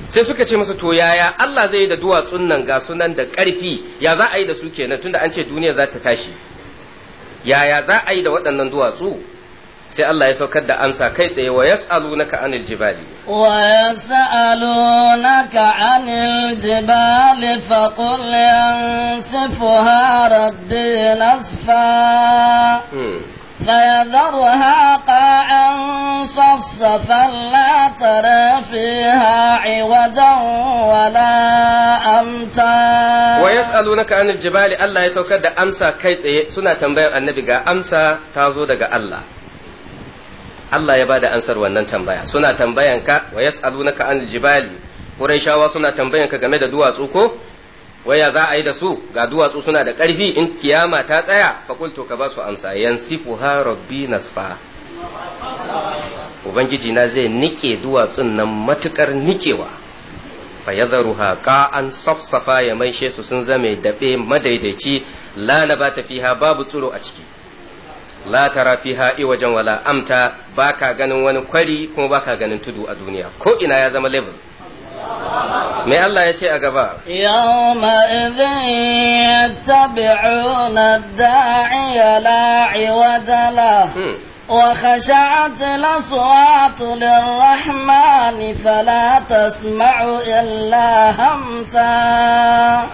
sai suka ce masa to yaya Allah zai yi da duwatsun nan ga sunan da ƙarfi ya za a yi da su kenan tunda an ce duniya za ta tashi yaya za a yi da waɗannan duwatsu sai Allah ya saukar da amsa kai tsaye wa yas'alunaka anil jibali wa yas'alunaka anil jibali qul yansifuha rabbi nasfa فيذرها قاعا صفصفا لا ترى فيها عوجا ولا أمتا ويسألونك عن الجبال الله da دا kai tsaye سنة تنبير النبي قا amsa تازو daga الله Allah ya bada ansar wannan tambaya suna tambayan ka wa yas'alunaka an jibali shawa suna tambayan ka game da duwatsu ko waya za a yi da su ga duwatsu suna da ƙarfi in kiyama ta tsaya fa fakulto ka ba su amsa yansifuha rabbi nasfa ubangiji na zai nike duwatsun nan matukar nikewa fa yadharuha qa'an safsafa ya maishe su sun zame daɓe madaidaici la nabata fiha babu tsiro a ciki la tara fiha iwajan wala amta baka ganin wani kwari kuma baka ganin tudu a duniya ko ina ya zama level me Allah ya ce a gaba yawma idhin yattabi'una ad-da'iya la iwajala وخشعت الأصوات للرحمن فلا تسمع إلا همسا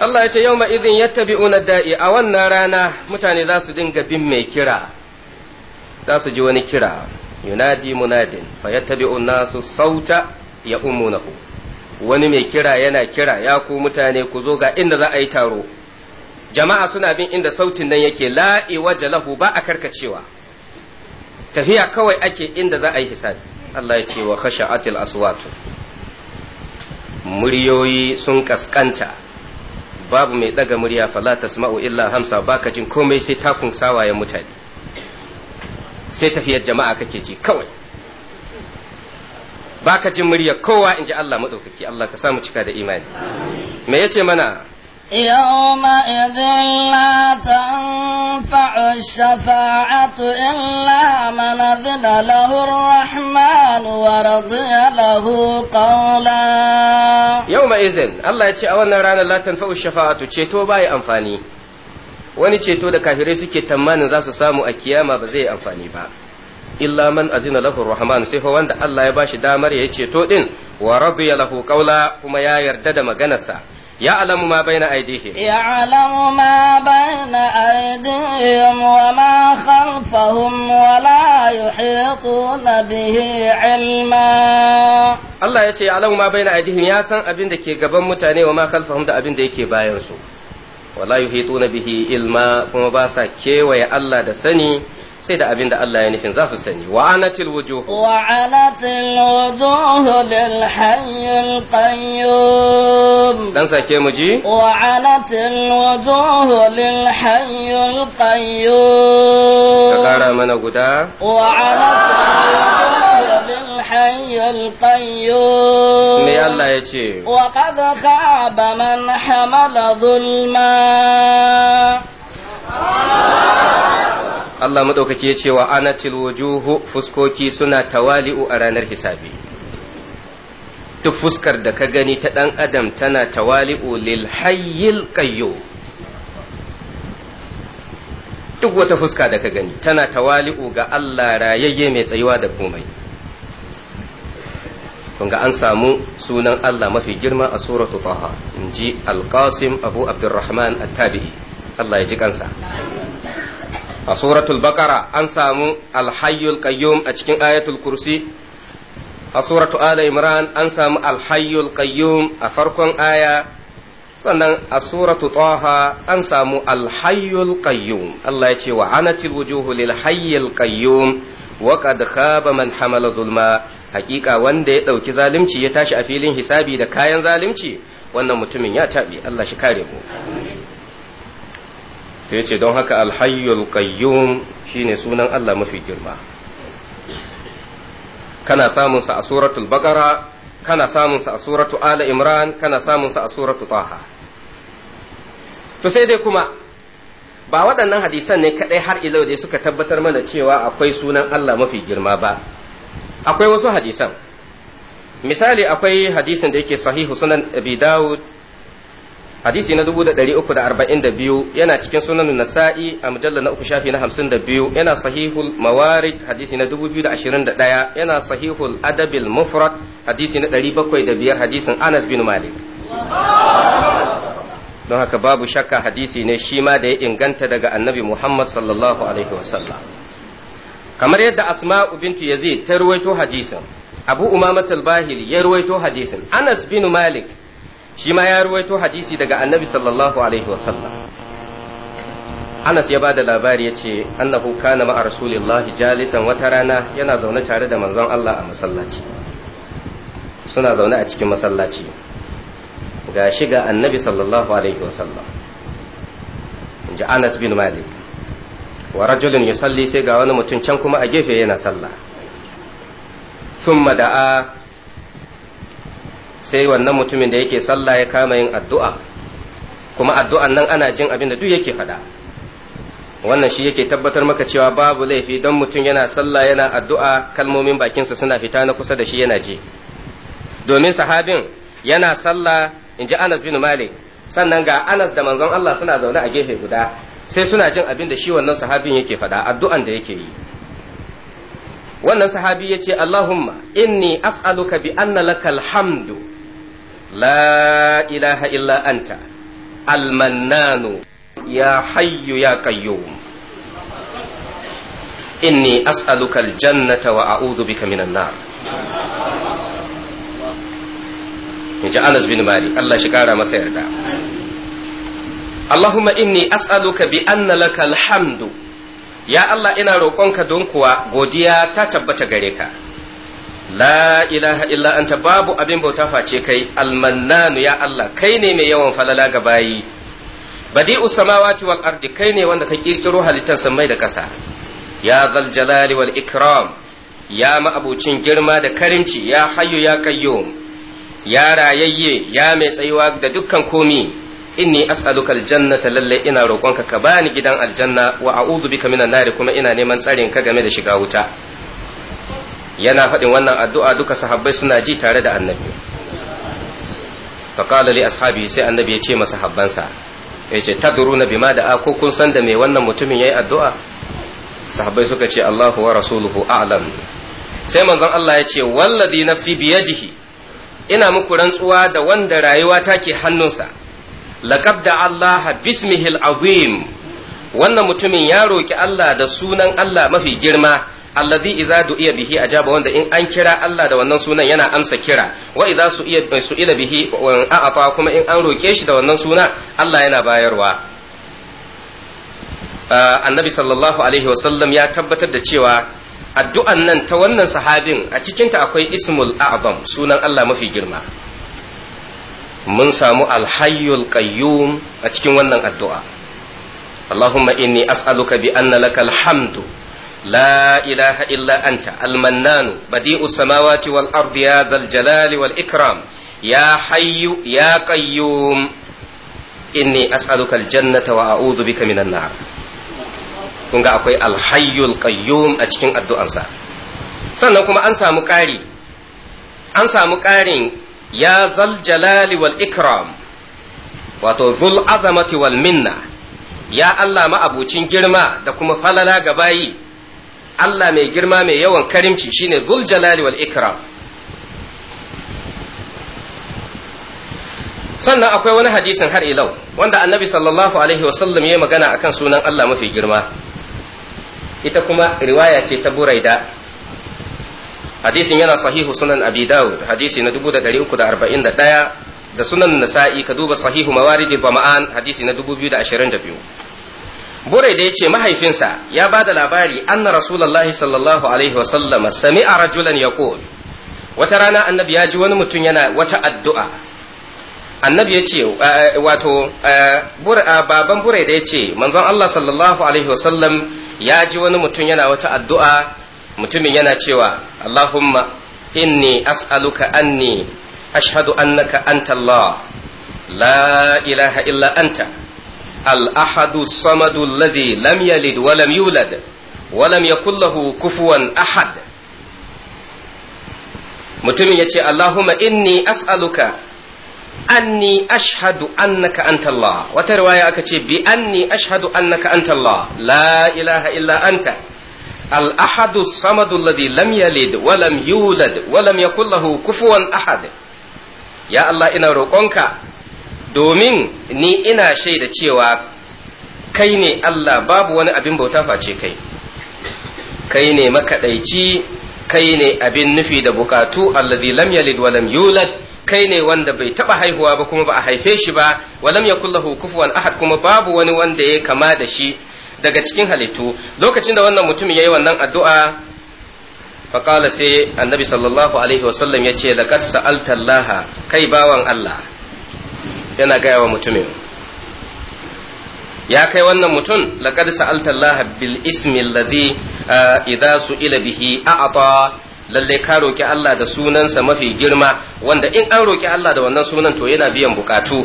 الله يتي يوم إذن يتبعون الدائي أولنا رانا متاني ذا سدنك بمي كرا za su ji wani kira yunadi munadin fa yattabi'u nasu sauta ya umunahu wani mai kira yana kira ya ku mutane ku zo ga inda za a yi taro jama'a suna bin inda sautin nan yake la'i waje ba a karkacewa tafiya kawai ake inda za a yi hisabi Allah ya ce wa khasha'atil aswatu muryoyi sun kaskanta babu mai daga murya fala tasma'u illa hamsa baka jin komai sai takun sawayen mutane sai tafiyar jama'a kake ji kawai baka jin murya kowa in ji Allah maɗaukaki Allah ka samu cika da imani me yace mana يومئذ لا تنفع الشفاعة إلا من أذن له الرحمن ورضي له قولا يومئذ الله يتشاء وانا رانا لا تنفع الشفاعة تشيتو باي أنفاني wani ceto da kafirai suke tamanin za su samu a kiyama ba zai amfani ba illa man azina lahu rahman sai fa wanda Allah ya bashi damar ya ceto din wa radiya lahu qawla kuma ya yarda da maganarsa ya alamu ma baina aidihim ya alamu ma baina aidihim wa ma khalfahum wa la yuhituna bihi ilma Allah ya ce ya alamu ma baina aidihim ya san abin da ke gaban mutane wa ma khalfahum da abin da yake bayan su wala yuhituna bihi ilma kuma ba sa kewaye Allah da sani sai da abin da Allah ya nufin za su sani wa anatil wujuh wa anatil wujuh lil hayyil qayyum dan sake mu ji wa anatil wujuh lil hayyil qayyum ka kara mana guda wa anatil الحي القيوم وقد خاب من حمل ظلما Allah maɗaukaki ya ce wa anatil wujuhu fuskoki suna tawali'u a ranar hisabi duk fuskar da ka gani ta ɗan adam tana tawali'u lil hayyil duk wata fuska da ka gani tana tawali'u ga Allah rayayye mai tsayuwa da komai ga an samu sunan Allah mafi girma a suratu taha in ji alƙasim abu abdurrahman at-tabi'i Allah ya ji kansa a suratul baqara an samu alhayyul qayyum a cikin ayatul kursi a suratul ala imran an samu alhayyul qayyum a farkon aya sannan a suratu taha an samu alhayyul qayyum Allah ya ce wa anatil wujuhu lil hayyil qayyum wa qad khaba man hamala zulma hakika wanda ya dauki zalimci ya tashi a filin hisabi da kayan zalunci wannan mutumin ya tabi Allah shi kare mu sai ce don haka alhayyul qayyum shine sunan Allah mafi girma kana samun sa a suratul baqara kana samun sa a suratul ala imran kana samun sa a suratul taha to sai dai kuma ba waɗannan hadisan ne kadai har ilau dai suka tabbatar mana cewa akwai sunan Allah mafi girma ba akwai wasu hadisan misali akwai hadisin da yake sahihu sunan abi daud hadisi na dubu da da dari uku biyu yana cikin sunan sa'i a mujallar na uku shafi na hamsin da biyu yana sahihul mawarid hadisi na dubu biyu da da ashirin 2021 yana sahihul adabil mufrad hadisi na dari bakwai da biyar hadisin anas bin malik don haka babu shakka hadisi ne shi ma da ya inganta daga annabi muhammad sallallahu alaihi wa sallam kamar yadda asma'u bintu yazid ta ruwaito hadisin abu umamat al-bahili ya ruwaito hadisin anas bin malik shi ma ya ruwaito hadisi daga annabi sallallahu alaihi wasallam Anas ya bada labari ya ce annahu kana ma'a rasulillahi jalisan wata rana yana zaune tare da manzon Allah a masallaci suna zaune a cikin masallaci ga shi annabi sallallahu alaihi wasallam inji Anas bin Malik wa rajulun salli sai ga wani mutum can kuma a gefe yana sallah summa da'a sai wannan mutumin da yake sallah ya kama yin addu'a kuma addu'an nan ana jin abin da duk yake faɗa wannan shi yake tabbatar maka cewa babu laifi don mutum yana sallah yana addu'a kalmomin bakinsa suna fita na kusa da shi yana ji domin sahabin yana sallah in ji anas bin malik sannan ga anas da manzon allah suna zaune a gefe guda sai suna jin abin da shi wannan sahabin yake faɗa addu'an da yake yi wannan sahabi ya ce Allahumma inni as'aluka bi anna lakal hamdu la ilaha illa anta almannanu ya hayyu ya qayyum inni as'aluka aljannata wa a'udhu bika minan nar inji Anas bin Malik Allah shi kara masa yarda Allahumma inni as'aluka bi anna laka alhamdu ya Allah ina roƙonka don kuwa godiya ta tabbata gareka. la ilaha illa anta babu abin bauta face kai almannanu ya Allah kai ne mai yawan falala ga bayi badi'u samawati wal ardi kai ne wanda ka kirkiro halittar samai da ƙasa ya zal jalali wal ikram ya ma'abucin girma da karimci ya hayyu ya kayyo, ya rayayye ya mai tsayuwa da dukkan komi inni as'aluka aljannata lalle ina roƙonka ka bani gidan aljanna wa a'udhu bika minan nari kuma ina neman tsarin ka game da shiga wuta yana faɗin wannan addu'a duka sahabbai suna ji tare da annabi faƙala ashabi sai annabi ya ce masa habbansa ya ce tadruna bima da a ko kun san da mai wannan mutumin yayi addu'a sahabbai suka ce Allahu wa rasuluhu a'lam sai manzon Allah ya ce walladhi nafsi biyadihi ina muku rantsuwa da wanda rayuwa take hannunsa laqad da Allah bismihil azim wannan mutumin ya roki Allah da sunan Allah mafi girma allazi iza du'iya bihi ajaba wanda in an kira Allah da wannan sunan yana amsa kira wa iya su su'ila bihi wa a'ata kuma in an roke shi da wannan suna Allah yana bayarwa ah, annabi sallallahu alaihi wasallam ya tabbatar da cewa addu'an nan ta wannan sahabin a cikinta akwai ismul a'zam sunan Allah mafi girma mun samu alhayyul qayyum a cikin wannan addu'a اللهم إني أسألك بأن لك الحمد لا إله إلا أنت المنان بديء السماوات والأرض يا ذا الجلال والإكرام يا حي يا قيوم إني أسألك الجنة وأعوذ بك من النار كنت أقول الحي القيوم qayyum أدو cikin addu'ansa sannan kuma an samu ƙari an samu ƙarin ya zal jalali wal wato zul azamati wal minna ya Allah ma abucin girma da kuma falala ga bayi Allah mai girma mai yawan karimci shine zul jalali wal ikram sannan akwai wani hadisin har ilau wanda annabi sallallahu alaihi wasallam ya magana akan sunan Allah mafi girma ita kuma riwaya ce ta buraida hadisin yana sahihu sunan abi dawud hadisi na 1341 da sunan nasa'i ka duba sahihu mawaridi bama'an hadisi na 2022 bure da ya ce mahaifinsa ya ba da labari anna rasulullahi sallallahu alaihi wa sallama a rajulan yaqul wata rana annabi ya ji wani mutum yana wata addu'a annabi ya ce eh, wato eh, eh, baban bure da ya ce manzon Allah sallallahu alaihi wasallam ya ji wani mutum yana wata addu'a mutumin yana cewa Allahumma inni as'aluka anni ashhadu annaka anta Allah la ilaha illa anta al samadu alladhi lam yalid wa lam yulad wa lam yakul lahu kufuwan ahad mutumin yace Allahumma inni as'aluka anni ashhadu annaka anta Allah wata riwaya aka ce bi anni ashadu annaka anta la ilaha illa anta الأحد الصمد الذي لم يلد ولم يولد ولم يكن له كفوا أحد يا الله إنا روقونك domin ni ina shaida cewa kai ne Allah babu wani abin bauta face kai kai ne makaɗaici kai ne abin nufi da bukatu allazi lam yalid wa lam yulad kai ne wanda bai taba haihuwa ba kuma ba a haife shi ba wa lam yakul lahu kufuwan ahad kuma babu wani wanda ya kama da shi daga cikin halittu lokacin da wannan mutumin yayi wannan addu'a faqala sai annabi sallallahu alaihi wasallam yace laqad sa'alta allaha kai bawan Allah yana gaya wa mutumin ya kai wannan mutum laqad sa'alta Allah bil ismi alladhi idza su'ila bihi a'ata lalle ka roki Allah da sunansa mafi girma wanda in an roki Allah da wannan sunan to yana biyan bukatu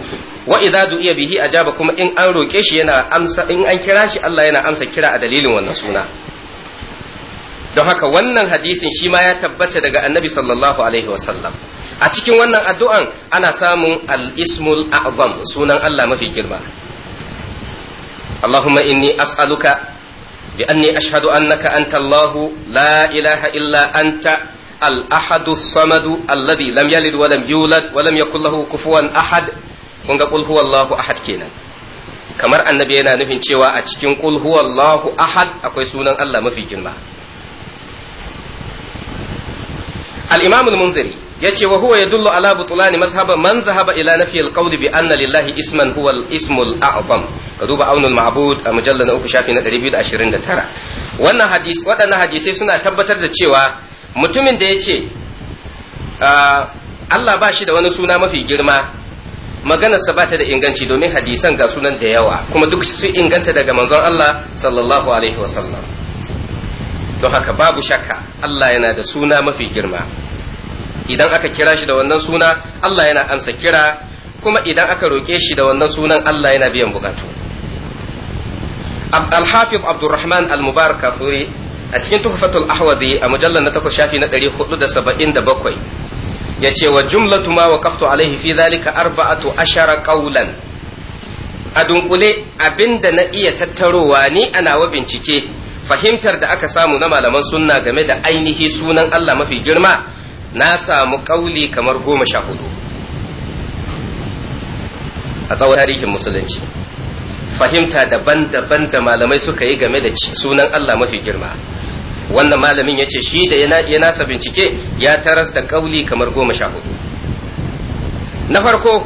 wa idza du'iya bihi ajaba kuma in an roke shi yana amsa in an kira shi Allah yana amsa kira a dalilin wannan suna don haka wannan hadisin shi ma ya tabbata daga annabi sallallahu alaihi wasallam a cikin wannan addu'an ana samun alismul a'zam sunan Allah mafi girma Allahumma inni as'aluka bi anni ashhadu annaka anta Allah la ilaha illa anta al-ahad alladhi lam yalid wa yulad wa lam yakul lahu kufuwan ahad kun ga qul ahad kenan kamar annabi yana nufin cewa a cikin qul huwallahu ahad akwai sunan Allah mafi girma al-imam al-munziri yace wa huwa yadullu ala butlan mazhaba man zahaba ila nafi al-qawl bi anna lillahi isman huwa al-ismu al-a'zam aunul ma'bud a mujallal na uku shafi na 229 wannan hadis waɗannan hadisai suna tabbatar da cewa mutumin da ya ce ah, Allah ba shi da wani suna mafi girma maganarsa ba ta da inganci domin hadisan ga sunan da yawa kuma duk su inganta daga manzon Allah To haka babu shakka Allah yana da suna mafi girma idan aka kira shi da wannan suna Allah yana amsa kira kuma idan aka roƙe shi da wannan sunan Allah yana biyan bukatu Al-Hafiz Abdurrahman Al-Mubarak Kafuri a cikin Tuhfatul Ahwadi a mujallar na takwas shafi na 477 yace wa jumlatu ma waqaftu alaihi fi dhalika arba'atu ashara qawlan a dunkule abinda na iya tattarowa ni a nawa bincike fahimtar da aka samu na malaman sunna game da ainihi sunan Allah mafi girma na samu kauli kamar goma sha hudu a tsawon tarihin musulunci fahimta daban-daban da malamai suka yi game da sunan Allah mafi girma wannan malamin ya ce shi da ya nasa bincike ya taras da kauli kamar goma sha hudu na farko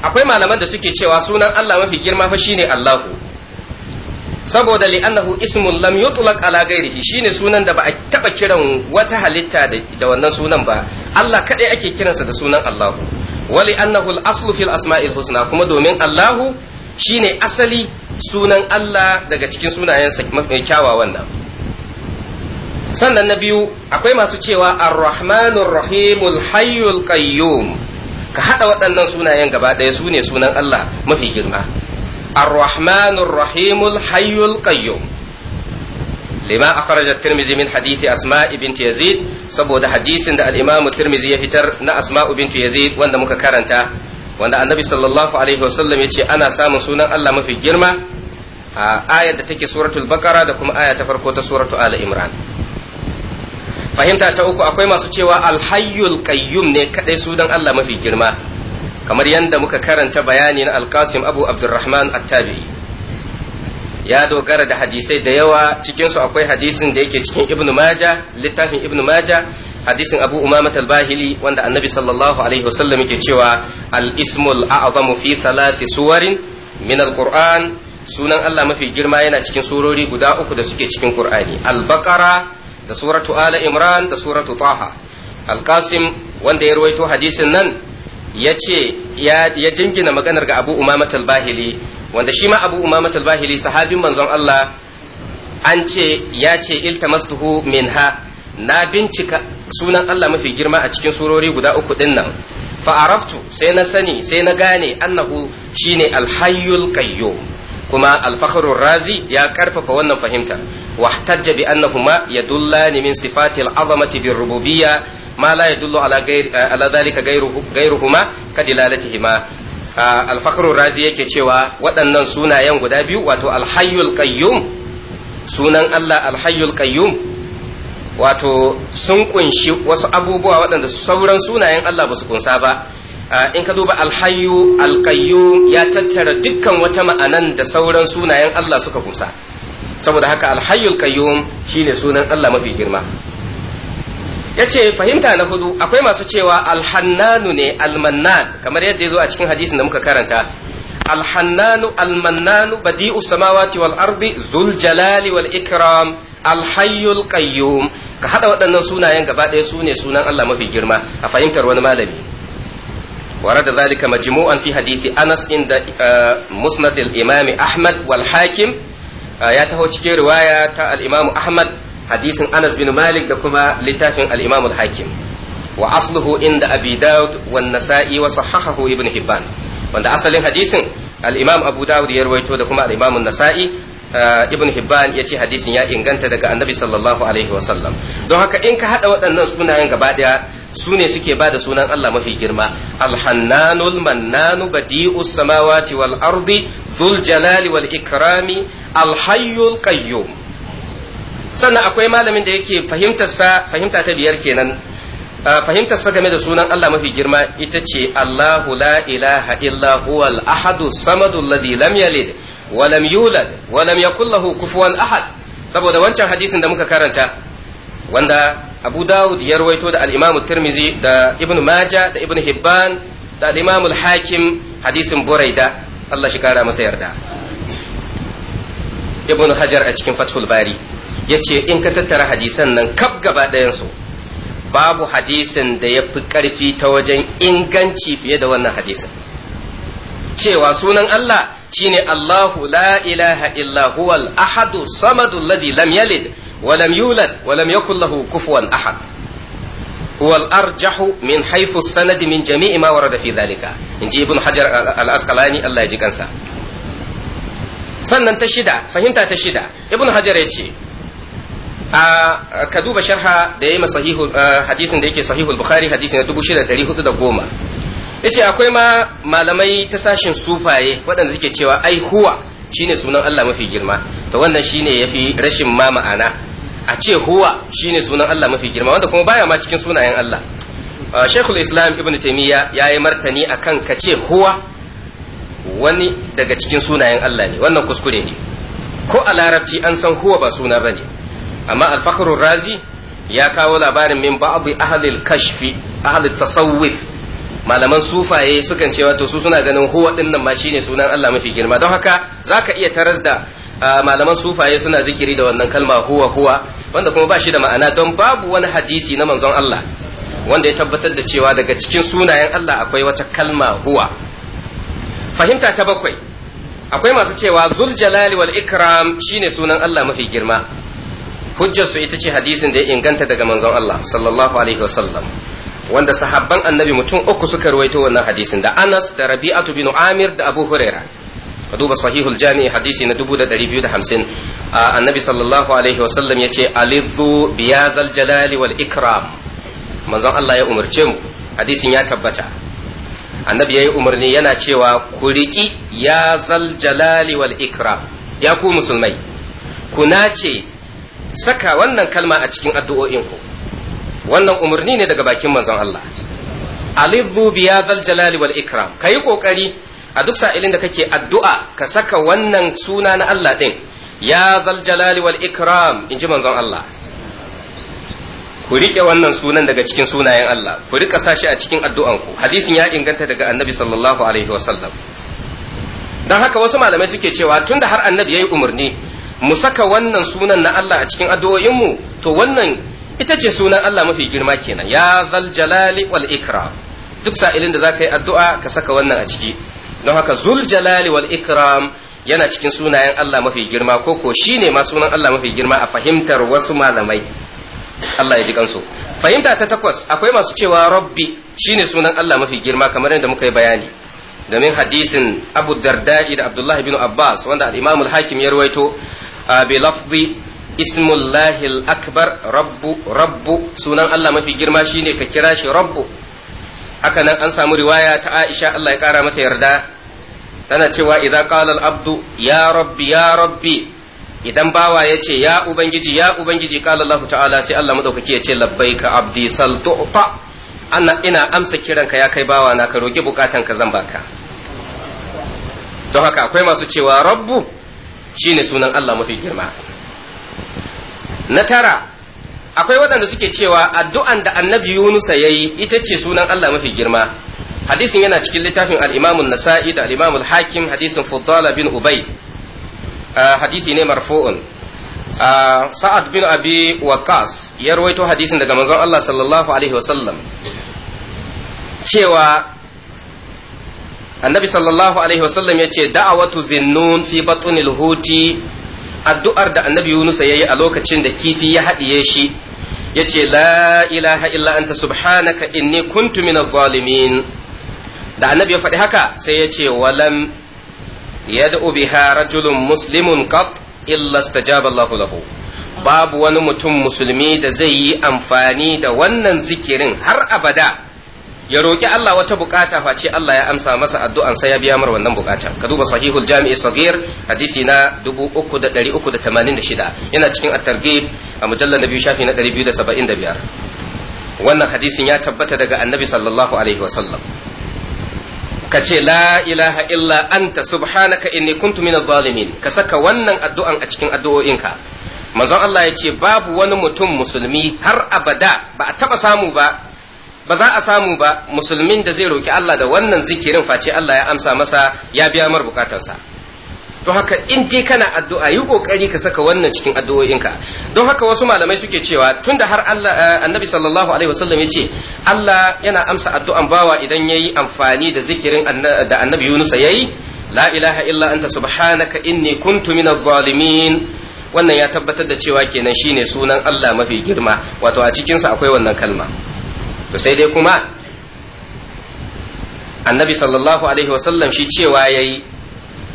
akwai malaman da suke cewa sunan Allah mafi girma fa shine Allahu saboda li'annahu ismun lam yutlaq ala ghairihi shine sunan da ba a taba kiran wata halitta da wannan sunan ba Allah kadai ake kiransa da sunan Allahu Wa annahu al-aslu fil asma'il husna kuma domin Allahu shine asali sunan Allah daga cikin sunayensa mafi kyawawan nan sannan na biyu akwai masu cewa ar-rahmanur rahimul hayyul qayyum ka hada waɗannan sunayen gaba ɗaya sune sunan Allah mafi girma الرحمن الرحيم الحي القيوم لما أخرج الترمذي من حديث أسماء بنت يزيد سبود حديث عند الإمام الترمذي يفتر نا أسماء بنت يزيد وند مككرنتا وند النبي صلى الله عليه وسلم يتي أنا سام سونا الله مفي جرمة آية تكي سورة البقرة دكم آية تفرقوت سورة آل إمران fahimta ta uku akwai masu cewa alhayyul qayyum ne kadai su dan Allah mafi girma kamar yadda muka karanta bayani na alkasim abu abdurrahman attabi'i ya dogara da hadisai da yawa cikinsu akwai hadisin da yake cikin ibnu maja littafin ibnu maja hadisin abu umama talbahili wanda annabi sallallahu alaihi wasallam ke cewa al-ismul a'zamu fi suwarin min al-qur'an sunan Allah mafi girma yana cikin surori guda uku da suke cikin Qur'ani al-baqara da suratu ala imran da suratu taha al-qasim wanda ya rawaito hadisin nan ya ce ya jingina maganar ga abu umama talbahili wanda shi ma abu umama talbahili sahabin manzon Allah an ce ya ce iltamastuhu ha na bincika sunan Allah mafi girma a cikin surori guda uku din nan fa'araftu sai na sani sai na gane annahu shine alhayyul qayyum kuma alfakhrur razi ya karfafa wannan fahimta wahtajja bi annahuma yadullani min sifatil azamati bir rububiyya ma la yadullu ala ghairi ala dhalika ghairuhuma kadilalatihima al-fakhru yake cewa waɗannan sunayen guda biyu wato alhayyul qayyum sunan Allah alhayyul qayyum wato sun kunshi wasu abubuwa waɗanda sauran sunayen Allah ba su kunsa ba ah, in ka duba alhayu alkayu ya tattara dukkan wata ma'anan da sauran sunayen Allah suka kusa saboda haka alhayyul alkayyum shine sunan Allah mafi girma ya ce fahimta na hudu akwai masu cewa alhannanu ne almannan kamar yadda ya zo a cikin hadisin da muka karanta alhannanu almannanu badi'u samawati wal ardi zul jalali wal ikram alhayyul qayyum ka hada waɗannan sunayen gaba ɗaya su ne sunan Allah mafi girma a fahimtar wani malami ورد ذلك fi في anas inda عند imami الامام wal hakim eh, ya taho cikin riwaya ta al-Imam Ahmad hadisin Anas bin Malik da kuma littafin al hakim wa asluhu inda Abi Dawud wa Nasa'i wa sahahahu Ibn Hibban wanda asalin hadisin al-Imam Abu ya rawaito da kuma al-Imam nasai eh, Ibn Hibban ya ce hadisin ya inganta daga Annabi sallallahu alaihi wa sallam don haka in ka haɗa waɗannan sunayen gaba daya su ne suke ba da sunan Allah mafi girma alhannanul mannanu badi'us samawati wal ardi dhul jalali wal ikrami alhayyul qayyum sannan akwai malamin da yake fahimtarsa fahimta ta biyar kenan fahimtarsa game da sunan Allah mafi girma ita ce Allahu la ilaha illa huwal ahadu samadu alladhi lam yalid wa lam yulad wa lam yakul lahu kufuwan ahad saboda wancan hadisin da muka karanta wanda Abu Dawud ya rawaito da al-Imam Tirmidhi da Ibn Majah da Ibn Hibban da al-Imam al-Hakim hadisin Buraida Allah shi kara masa yarda Ibn Hajar a cikin Fathul Bari ya ce in ka tattara hadisan nan kaf gaba ɗayansu babu hadisin da ya fi ƙarfi ta wajen inganci fiye da wannan hadisin cewa sunan Allah shine Allahu la ilaha illa huwal ahadu samadu ladhi lam yalid wa lam yulad wa lam yakul lahu kufuwan ahad huwal arjahu min haythu sanad min jami'i ma warada fi dhalika inji ibn hajar al-asqalani Allah ya ji kansa sannan ta shida fahimta ta shida ibn hajar ya ce a ka duba sharha da yayi sahihu hadisin da yake al bukhari hadisi na 6410 yace akwai ma malamai ta sashin sufaye waɗanda suke cewa ai huwa shine sunan Allah mafi girma to wannan shine yafi rashin ma ma'ana a ce huwa shine sunan Allah mafi girma wanda kuma baya ma cikin sunayen Allah Sheikhul Islam Ibn Taymiyyah ya yi martani akan ka ce huwa wani daga cikin sunayen Allah ne wannan kuskure ne ko a larabci an san huwa ba suna bane amma al razi ya kawo labarin min ba'd ahlil kashfi ahlit tasawuf malaman sufaye sukan cewa to su suna ganin huwa dinnan ma shine sunan Allah mafi girma don haka zaka iya taras da malaman sufaye suna zikiri da wannan kalma huwa huwa wanda kuma ba shi da ma'ana don babu wani hadisi na manzon Allah wanda ya tabbatar da cewa daga cikin sunayen Allah akwai wata kalma huwa fahimta ta bakwai akwai masu cewa zul jalali wal ikram shine sunan Allah mafi girma hujjar su ita ce hadisin da ya inganta daga manzon Allah sallallahu alaihi wasallam wanda sahabban annabi mutum uku suka ruwaito wannan hadisin da Anas da Rabi'atu bin Amir da Abu Huraira ka duba sahihul jami'i hadisi na 2250 annabi sallallahu alaihi wasallam yace alizu biyazal jalali wal ikram manzon Allah ya umarce mu hadisin ya tabbata annabi yayi umarni yana cewa ku riki ya zal jalali wal ikram ya ku musulmai ku nace saka wannan kalma a cikin addu'o'inku wannan umarni ne daga bakin manzon Allah alidhu biyadhal jalali wal ikram kayi kokari a duk sa'ilin da kake addu'a ka saka wannan suna na Allah ɗin ya zal jalali wal ikram inji manzon Allah ku rike wannan sunan daga cikin sunayen Allah ku rika sashi a cikin addu'anku hadisin ya inganta daga annabi sallallahu alaihi wasallam don haka wasu malamai suke cewa tunda har annabi ya yi umarni mu saka wannan sunan na Allah a cikin addu'o'inmu to wannan ita ce sunan Allah mafi girma kenan ya zal jalali wal ikram duk sa'ilin da zaka yi addu'a ka saka wannan a ciki don haka zul jalali wal ikram yana cikin sunayen Allah mafi girma ko ko ne ma sunan Allah mafi girma a fahimtar wasu malamai Allah ya ji kansu fahimta ta takwas akwai masu cewa rabbi shine sunan Allah mafi girma kamar yadda muka yi bayani domin hadisin abu darda'i da abdullahi bin abbas wanda al-imam hakim ya ruwaito بلفظ اسم الله الأكبر رب رب سنان الله ما في جرما شيني ككراش رب هكذا أنسى رواية عائشة الله يقارى متى يردا تنا تشوى إذا قال العبد يا ربي يا ربي idan bawa ya ce ya ubangiji ya ubangiji kala Allah ta'ala sai Allah madaukaki ya ce labbaika abdi sal tu'ta ana ina amsa kiranka ya kai bawa na ka roki bukatan ka zan baka To haka akwai masu cewa rabbu Shi ne sunan Allah mafi girma na tara akwai waɗanda suke cewa addu'an da annabi Yunusa ya yi ita ce sunan Allah mafi girma hadisin yana cikin littafin al’imamun nasai da al’imamun hakim hadisin Fudala bin Ubay ah, hadisi ne marfu'un ah, Sa'ad bin Abi Waqas ya rawaito hadisin daga manzon Allah sallallahu alaihi wasallam cewa annabi sallallahu alaihi wasallam ya ce da'awatu zinnun fi batnil huti addu'ar da annabi yunusa yayi a lokacin da kifi ya haɗiye shi ya ce la ilaha illa anta subhanaka inni kuntu minadh zalimin da annabi ya faɗi haka sai ya ce walam yad'u biha rajulun muslimun qat illa istajaba Allahu lahu babu wani mutum musulmi da zai yi amfani da wannan zikirin har abada ya roki Allah wata bukata face Allah ya amsa masa addu'an sai ya biya mar wannan bukata ka duba sahihul jami'i saghir hadisi na 3386 yana cikin at-targhib a mujallal nabi shafi na 275 wannan hadisin ya tabbata daga annabi sallallahu alaihi sallam. ka ce la ilaha illa anta subhanaka inni kuntu minadh zalimin ka saka wannan addu'an a cikin addu'o'inka manzon Allah ya ce babu wani mutum musulmi har abada ba a taba samu ba ba za a samu ba musulmin da zai roki Allah da wannan zikirin face Allah ya amsa masa ya biya mar bukatarsa don haka in dai kana addu'a yi kokari ka saka wannan cikin addu'o'inka don haka wasu malamai suke cewa tunda har Allah eh, annabi sallallahu alaihi wasallam ya ce Allah yana amsa addu'an bawa idan yayi amfani da zikirin da annabi Yunus yayi la ilaha illa anta subhanaka inni kuntu minadh zalimin wannan ya tabbatar da cewa kenan shine sunan Allah mafi girma wato a cikinsa akwai wannan kalma to sai dai kuma annabi sallallahu alaihi wasallam shi cewa ya yi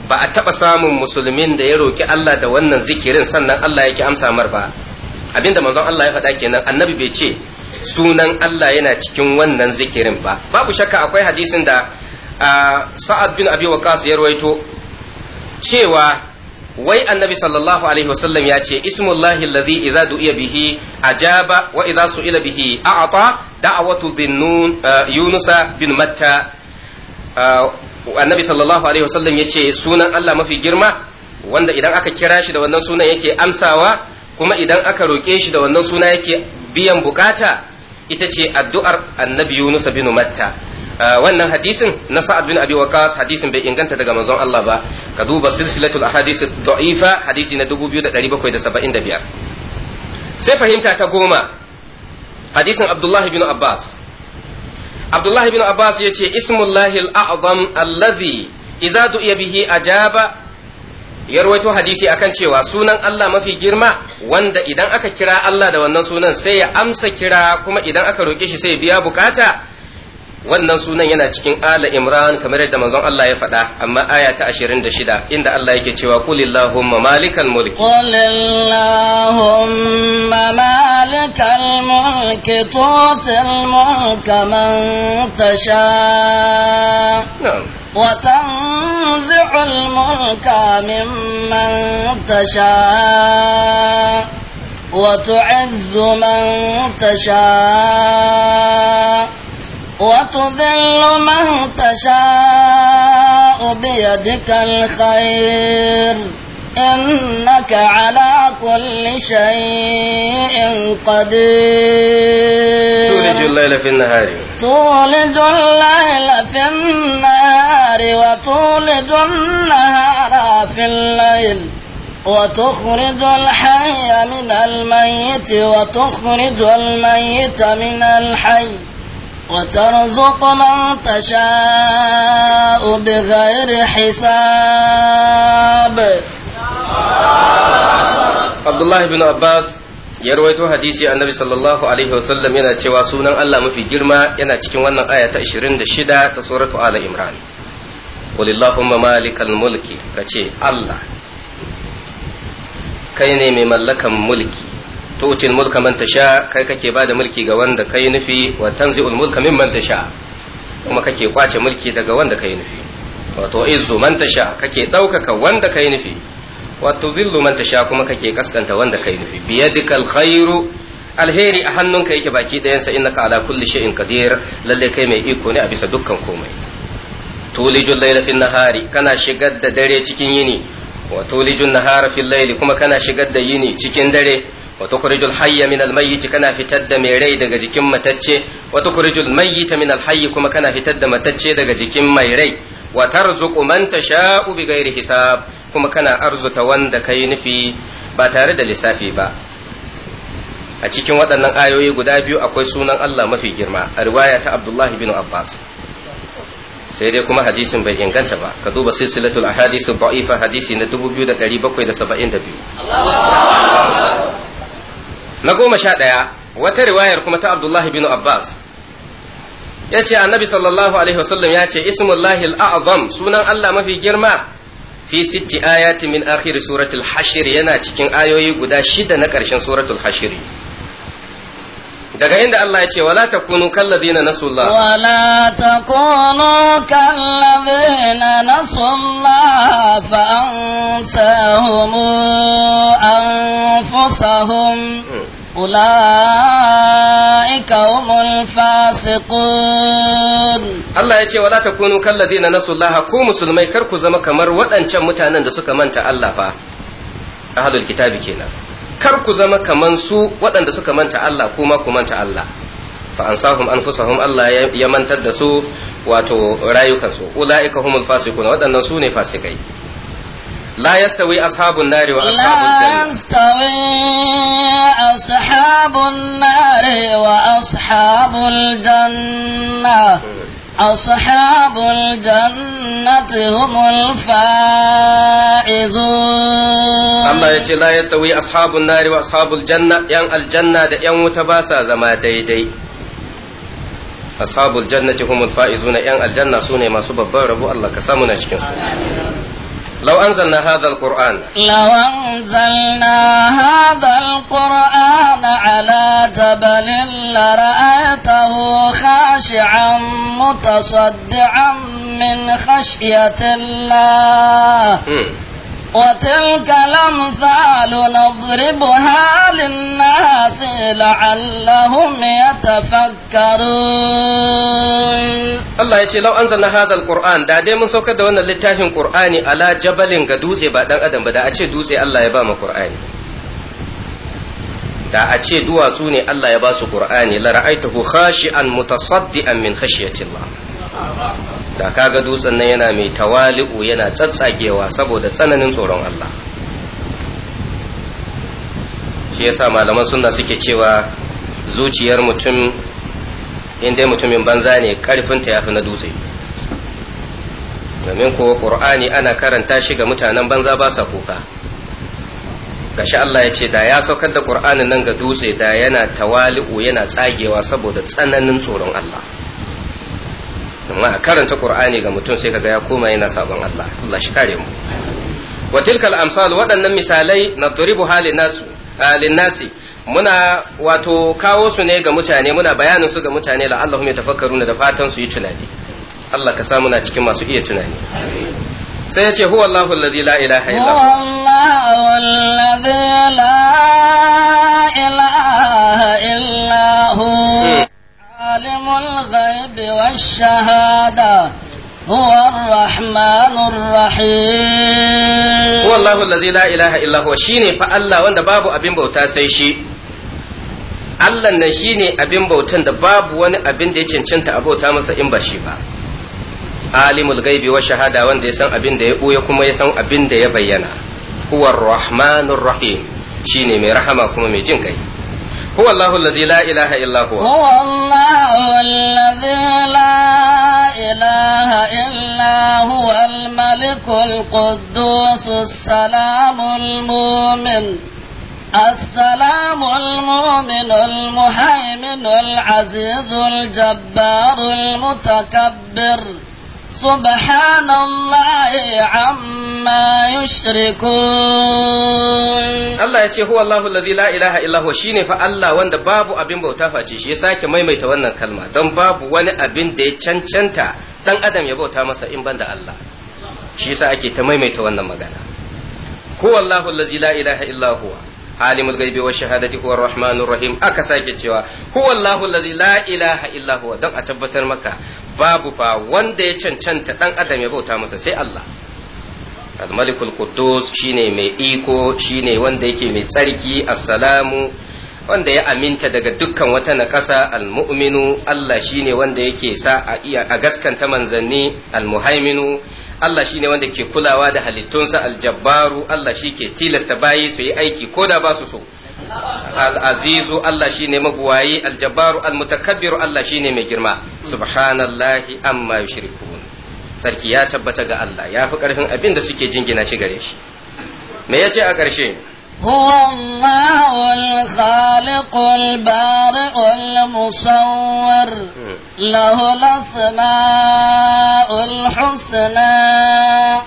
ba a taɓa samun musulmin da ya roƙi Allah da wannan zikirin sannan Allah ya ki amsa mar ba abinda manzon Allah ya faɗa kenan annabi bai ce sunan Allah yana cikin wannan zikirin ba babu shakka akwai hadisin da sa'ad bin abi waqas ya rawaito cewa wai annabi sallallahu alaihi wasallam ya ce ismullahi allazi idza du'iya bihi ajaba wa idza su'ila bihi a'ata da'awatu dhinnun yunusa bin matta annabi sallallahu alaihi wasallam yace sunan Allah mafi girma wanda idan aka kira shi da wannan sunan yake amsawa kuma idan aka roƙe shi da wannan suna yake biyan buƙata, ita ce addu'ar annabi Yunusa bin Matta wannan hadisin na Sa'ad bin Abi hadisin bai inganta daga manzon Allah ba ka duba silsilatul hadisi da'ifa hadisi na 2775 sai fahimta ta goma hadisin abdullahi bin abbas abdullahi bin abbas ya ce ismullahi al'azam allazi iza du'iya bihi ajaba ya rawaito hadisi akan cewa sunan Allah mafi girma wanda idan aka kira Allah da wannan sunan sai ya amsa kira kuma idan aka roƙe shi sai biya buƙata. wannan sunan yana cikin ala imran kamar yadda manzon Allah ya faɗa amma aya ta 26 inda Allah yake cewa kulillahumma malikal mulki kulillahumma malikal mulki tutil mulka man tasha وتنزع الملك ممن تشاء وتعز من تشاء وتذل من تشاء بيدك الخير إنك على كل شيء قدير تولج الليل في النهار تولج الليل في النهار وتولج النهار في الليل وتخرج الحي من الميت وتخرج الميت من الحي وترزق من تشاء بغير حساب عبد الله بن عباس ya rawaito hadisi annabi sallallahu alaihi wasallam yana cewa sunan Allah mafi girma yana cikin wannan aya ta 26 ta suratu ala imran walillahumma malikal mulki kace Allah kai ne mai mallakan mulki tu'til mulka man tasha kai kake ba da mulki ga wanda kai nufi wa tanzi'ul mulka mimman tasha kuma kake kwace mulki daga wanda kai nufi wato izzu man tasha kake ɗaukaka wanda kai nufi wato zillu man tasha kuma kake kaskanta wanda kai nufi biyadikal khairu alheri a hannunka yake baki ɗayansa innaka ala kulli shay'in qadir lalle kai mai iko ne a bisa dukkan komai tulijul layla fil nahari kana shigar da dare cikin yini wa tulijun nahara fil layli kuma kana shigar da yini cikin dare wa tukhrijul hayya min al kana fitar da mai rai daga jikin matacce wa tukhrijul mayyita min al kuma kana fitar da matacce daga jikin mai rai wa tarzuqu man tasha'u bi ghairi hisab kuma kana arzuta wanda kai nufi ba tare da lissafi ba a cikin waɗannan ayoyi guda biyu akwai sunan Allah mafi girma a riwaya ta Abdullahi bin Abbas sai dai kuma hadisin bai inganta ba ka duba silsilatul ahadith da'ifa hadisi na 2772 na goma sha ɗaya wata riwayar kuma ta abdullahi bin abbas ya ce annabi sallallahu alaihi wasallam ya ce ismullahi al'azam sunan allah mafi girma fi sitti ayati min akhir suratul hashir yana cikin ayoyi guda shida na ƙarshen suratul hashir daga inda Allah ya ce wala takunu kalladina nasullah wala takunu kalladina nasullah fa ansahum anfusahum hmm. أولئك ya ce الله kunu ولا na na نسوا ko musulmai kar ku zama kamar waɗancan mutanen da suka manta Allah fa ahlul kitabi kenan kar ku zama kaman su waɗanda suka manta Allah kuma ku manta Allah fa ansahum anfusahum Allah ya mantar da su wato rayukansu ulaika humul fasiqun waɗannan su ne fasikai لا يستوي أصحاب النار وأصحاب الجنة لا يستوي أصحاب النار وأصحاب الجنة أصحاب الجنة هم الفائزون الله يتي لا يستوي أصحاب النار وأصحاب الجنة ين الجنة ين متباسا زما ديدي أصحاب الجنة هم الفائزون ين الجنة سوني ما سبب ربو الله كسامنا شكين سوني لو أنزلنا هذا القرآن لو أنزلنا هذا القرآن على جبل لرأيته خاشعا متصدعا من خشية الله م. وتلك الأمثال نضربها للناس لعلهم يتفكرون Allah ya ce lau an zana hadal Qur'an da dai mun saukar da wannan littafin Qur'ani ala jabalin ga dutse ba dan adam ba da a ce dutse Allah ya ba Qur'ani da a ce duwatsu ne Allah ya basu su Qur'ani la ra'aitahu khashi'an mutasaddian min khashiyatillah da kaga dutsen nan yana mai tawali'u yana tsatsagewa saboda tsananin tsoron Allah shi yasa malaman sunna suke cewa zuciyar mutum indai mutumin banza ne ta ya fi na dutse domin kuwa ƙur'ani ana karanta shi ga mutanen banza ba sa kuka gashi Allah ya ce da ya saukar da ƙur'anin nan ga dutse da yana tawali'u yana tsagewa saboda tsananin tsoron Allah amma a karanta qur'ani ga mutum sai kaga ya koma yana sabon Allah Allah shi kare mu wa tilkal amsal waɗannan misalai nadribu halin nasu halin nasi muna wato kawo su ne ga mutane muna bayanin su ga mutane la'allahum yatafakkaruna da fatan su yi tunani Allah ka sa muna cikin masu iya tunani sai ya ce huwa Allahu alladhi la ilaha illa huwa Allahu alladhi la ilaha illa hu hmm. عالم الغيب والشهادة هو الرحمن الرحيم هو الله الذي لا إله إلا هو شيني فألا وند باب أبين بوتا سيشي Allah nan shine abin bautan da babu wani abin da ya cancanta abota masa in ba shi ba. Alimul gaibi wa shahada wanda ya san abin da ya ɓoye kuma ya san abin da ya bayyana. Huwar Rahmanur Rahim shine mai rahama kuma mai jin kai. هو الله الذي لا إله إلا هو هو الله الذي لا إله إلا هو الملك القدوس السلام المؤمن السلام المؤمن المهيمن العزيز الجبار المتكبر سبحان الله عما ma yushrikun Allah ya ce huwa Allahu alladhi la ilaha illa huwa shine fa Allah wanda babu abin bauta face shi ya sake maimaita wannan kalma don babu wani abin da ya cancanta dan adam ya bauta masa in banda Allah shi yasa ake ta maimaita wannan magana huwa Allahu alladhi la ilaha illa huwa alimul ghaibi wash shahadati huwa arrahmanur rahim aka sake cewa huwa Allahu alladhi la ilaha illa huwa don a tabbatar maka babu fa wanda ya cancanta dan adam ya bauta masa sai Allah al-malikul quddus shine mai iko shine wanda yake mai tsarki assalamu wanda ya aminta daga dukkan wata nakasa al-mu'minu Allah shine wanda yake sa a gaskanta manzanni al-muhaiminu Allah shine wanda ke kulawa da halittunsa al-jabbaru Allah shi ke tilasta bayi su yi aiki ko da ba su so al-azizu Allah shine mabuwayi al-jabbaru al-mutakabbiru Allah shine mai girma subhanallahi amma yushrikun sarki ya tabbatar ga Allah ya fi ƙarfin abin da suke jingina shi gare shi me ya ce a ƙarshe Huwa Allahul Khaliqul Bari'ul Musawwar hmm. lahu asma'ul husna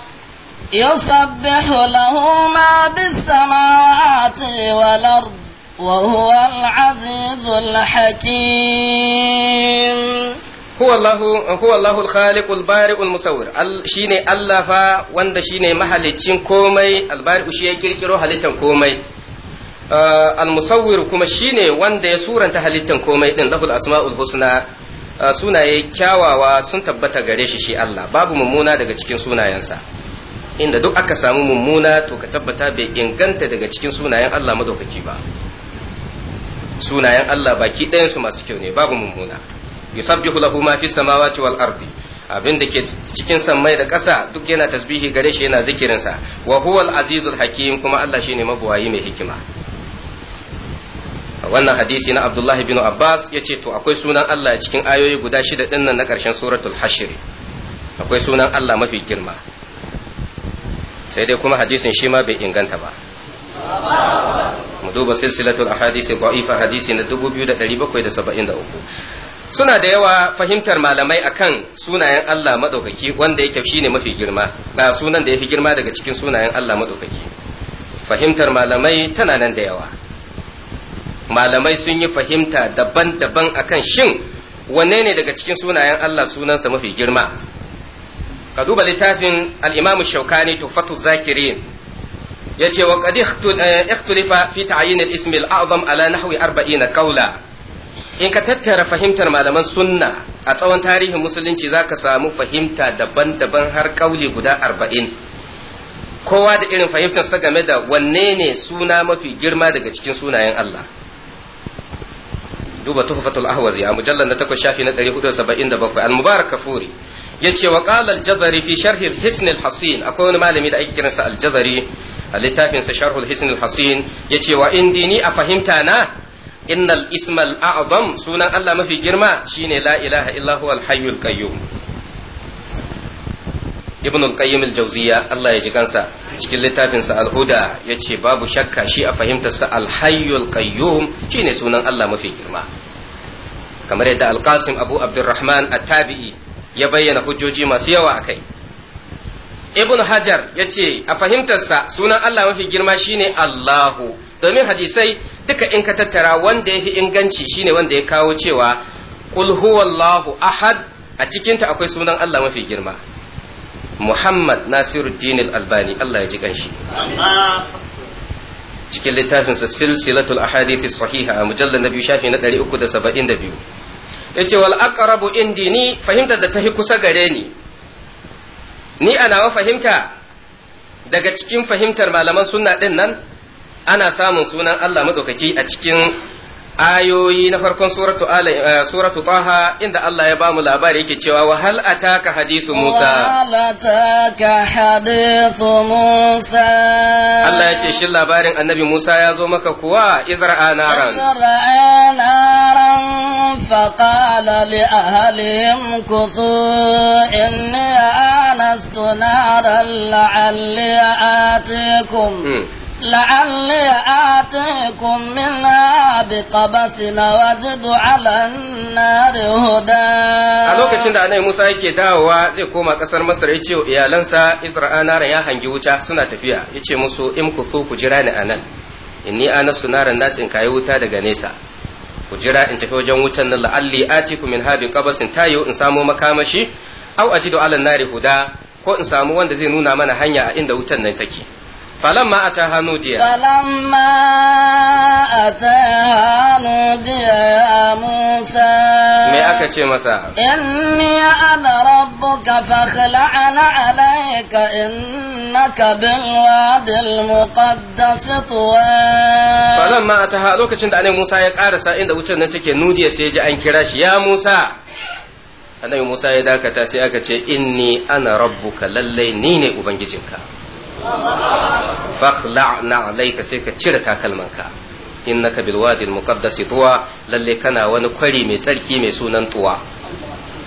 yusabbihu lahu ma bis samawati wal ard وهو العزيز الحكيم huwa Allahu al-khaliqul bari'ul musawwir shine Allah fa wanda shine mahaliccin komai al-bari'u shi ya kirkiro halittan komai uh, al-musawwir kuma shine wanda ya suranta halittan komai din lahul asma'ul husna uh, sunaye kyawawa sun tabbata gare shi shi Allah babu mummuna daga cikin sunayensa inda duk aka samu mummuna to ka tabbata bai inganta daga cikin sunayen Allah madaukaki ba sunayen Allah baki ɗayansu masu kyau ne babu mummuna yusabbihu lahu ma fi samawati wal ardi abin da ke cikin sammai da ƙasa duk yana tasbihi gare shi yana sa wa huwal azizul hakim kuma Allah shine mabuwayi mai hikima wannan hadisi na Abdullahi bin Abbas ya ce to akwai sunan Allah a cikin ayoyi guda shida ɗin nan na ƙarshen suratul hashir akwai sunan Allah mafi girma sai dai kuma hadisin shi ma bai inganta ba mu duba silsilatul ahadisi da'ifa hadisi na 2773 suna da yawa fahimtar malamai akan sunayen Allah maɗaukaki wanda yake shine mafi girma na sunan da ya fi girma daga cikin sunayen Allah maɗaukaki fahimtar malamai tana nan da yawa malamai sun yi fahimta daban-daban akan shin wanne ne daga cikin sunayen Allah sunansa mafi girma ka duba littafin al Shaukani Tufatu Tuhfatu Zakirin yace wa qad eh, ikhtulifa fi ta'yin al-ism al-a'zam ala nahwi na qawla in ka tattara fahimtar malaman sunna a tsawon tarihin musulunci za ka samu fahimta daban-daban har kauli guda arba'in kowa da irin fahimtarsa game da wanne ne suna mafi girma daga cikin sunayen Allah duba tuhfatul ahwazi a mujallar na takwas shafi na 477 al-mubarak kafuri yace wa qala al-jazari fi sharh al-hisn akwai wani malami da ake kiransa al-jazari a littafinsa sharh al-hisn al-hasin yace wa indini a fahimta na innal ismal a'zam sunan Allah mafi girma shine la ilaha illahu al-hayyul qayyum ibn al-qayyim al-jawziya Allah ya ji kansa cikin littafin sa al-huda yace babu shakka shi a fahimtar sa al-hayyul qayyum shine sunan Allah mafi girma kamar yadda al-qasim abu abdurrahman at-tabi'i ya bayyana hujjoji masu yawa akai ibn hajar yace a fahimtar sa sunan Allah mafi girma shine Allahu domin hadisai duka in ka tattara wanda ya fi inganci shine wanda ya kawo cewa kul huwallahu ahad a cikinta akwai sunan Allah mafi girma Muhammad Nasiruddin Al-Albani Allah ya ji kanshi cikin littafin sa silsilatul ahadithi sahiha a mujallar na biyu shafi na 372 yace wal aqrabu indi ni fahimtar da tafi kusa gare ni ni ana wa fahimta daga cikin fahimtar malaman sunna din nan ana samun sunan Allah maɗaukaki a cikin ayoyi na farkon suratu eh, suratu taha inda Allah ya bamu labari yake cewa wa hal ataka hadisu Musa hal ataka hadisu Musa Allah ya ce shi labarin annabi Musa ya zo maka kuwa izra'a naran izra'a naran fa qala li ahlihim kuthu inni anastu لعلي آتيكم منها بقبس لوجد على النار هدى a lokacin da annabi Musa yake dawowa zai koma kasar Masar yace ce iyalansa Isra'ana ya hangi wuta suna tafiya ya ce musu in ku so ku jira ni anan inni ana sunaran na tsinkaye wuta daga nesa ku jira in tafi wajen wutan nan la'alli atiku min habi qabasin tayo in samo makamashi aw ajidu ala nari huda ko in samu wanda zai nuna mana hanya a inda wutan nan take فلما أتاها نودي فلما أتاها نودي يا موسى مي أكتش إني أنا ربك فاخلعنا عليك إنك بالواد المقدس طوى فلما أتاها لوكا شند علي موسى يقارسا إن وجه نتك نودي سيجي أن كراش يا موسى annabi موسى ya dakata sai aka ce inni ana rabbuka lallai ni ne ubangijinka na alaika sai ka cire takalmanka innaka bil wadi muqaddas tuwa lalle kana wani kwari mai tsarki mai sunan tuwa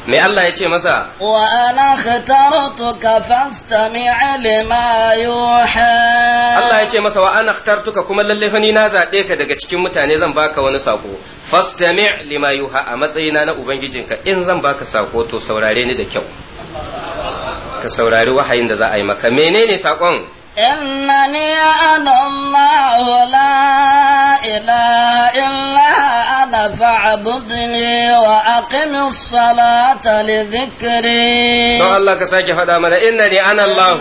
me Allah ya ce masa wa ana khatartuka fastami' lima yuha Allah ya ce masa wa ana khatartuka kuma lalle fa ni na zabe ka daga cikin mutane zan baka wani sako fastami' lima yuha a matsayina na ubangijinka in zan baka sako to saurare ni da kyau ka saurari wahayin da za a yi maka menene sakon إنني أنا الله لا إله إلا أنا فاعبدني وأقم الصلاة لذكري don Allah ka sake faɗa mana inna ni ana Allah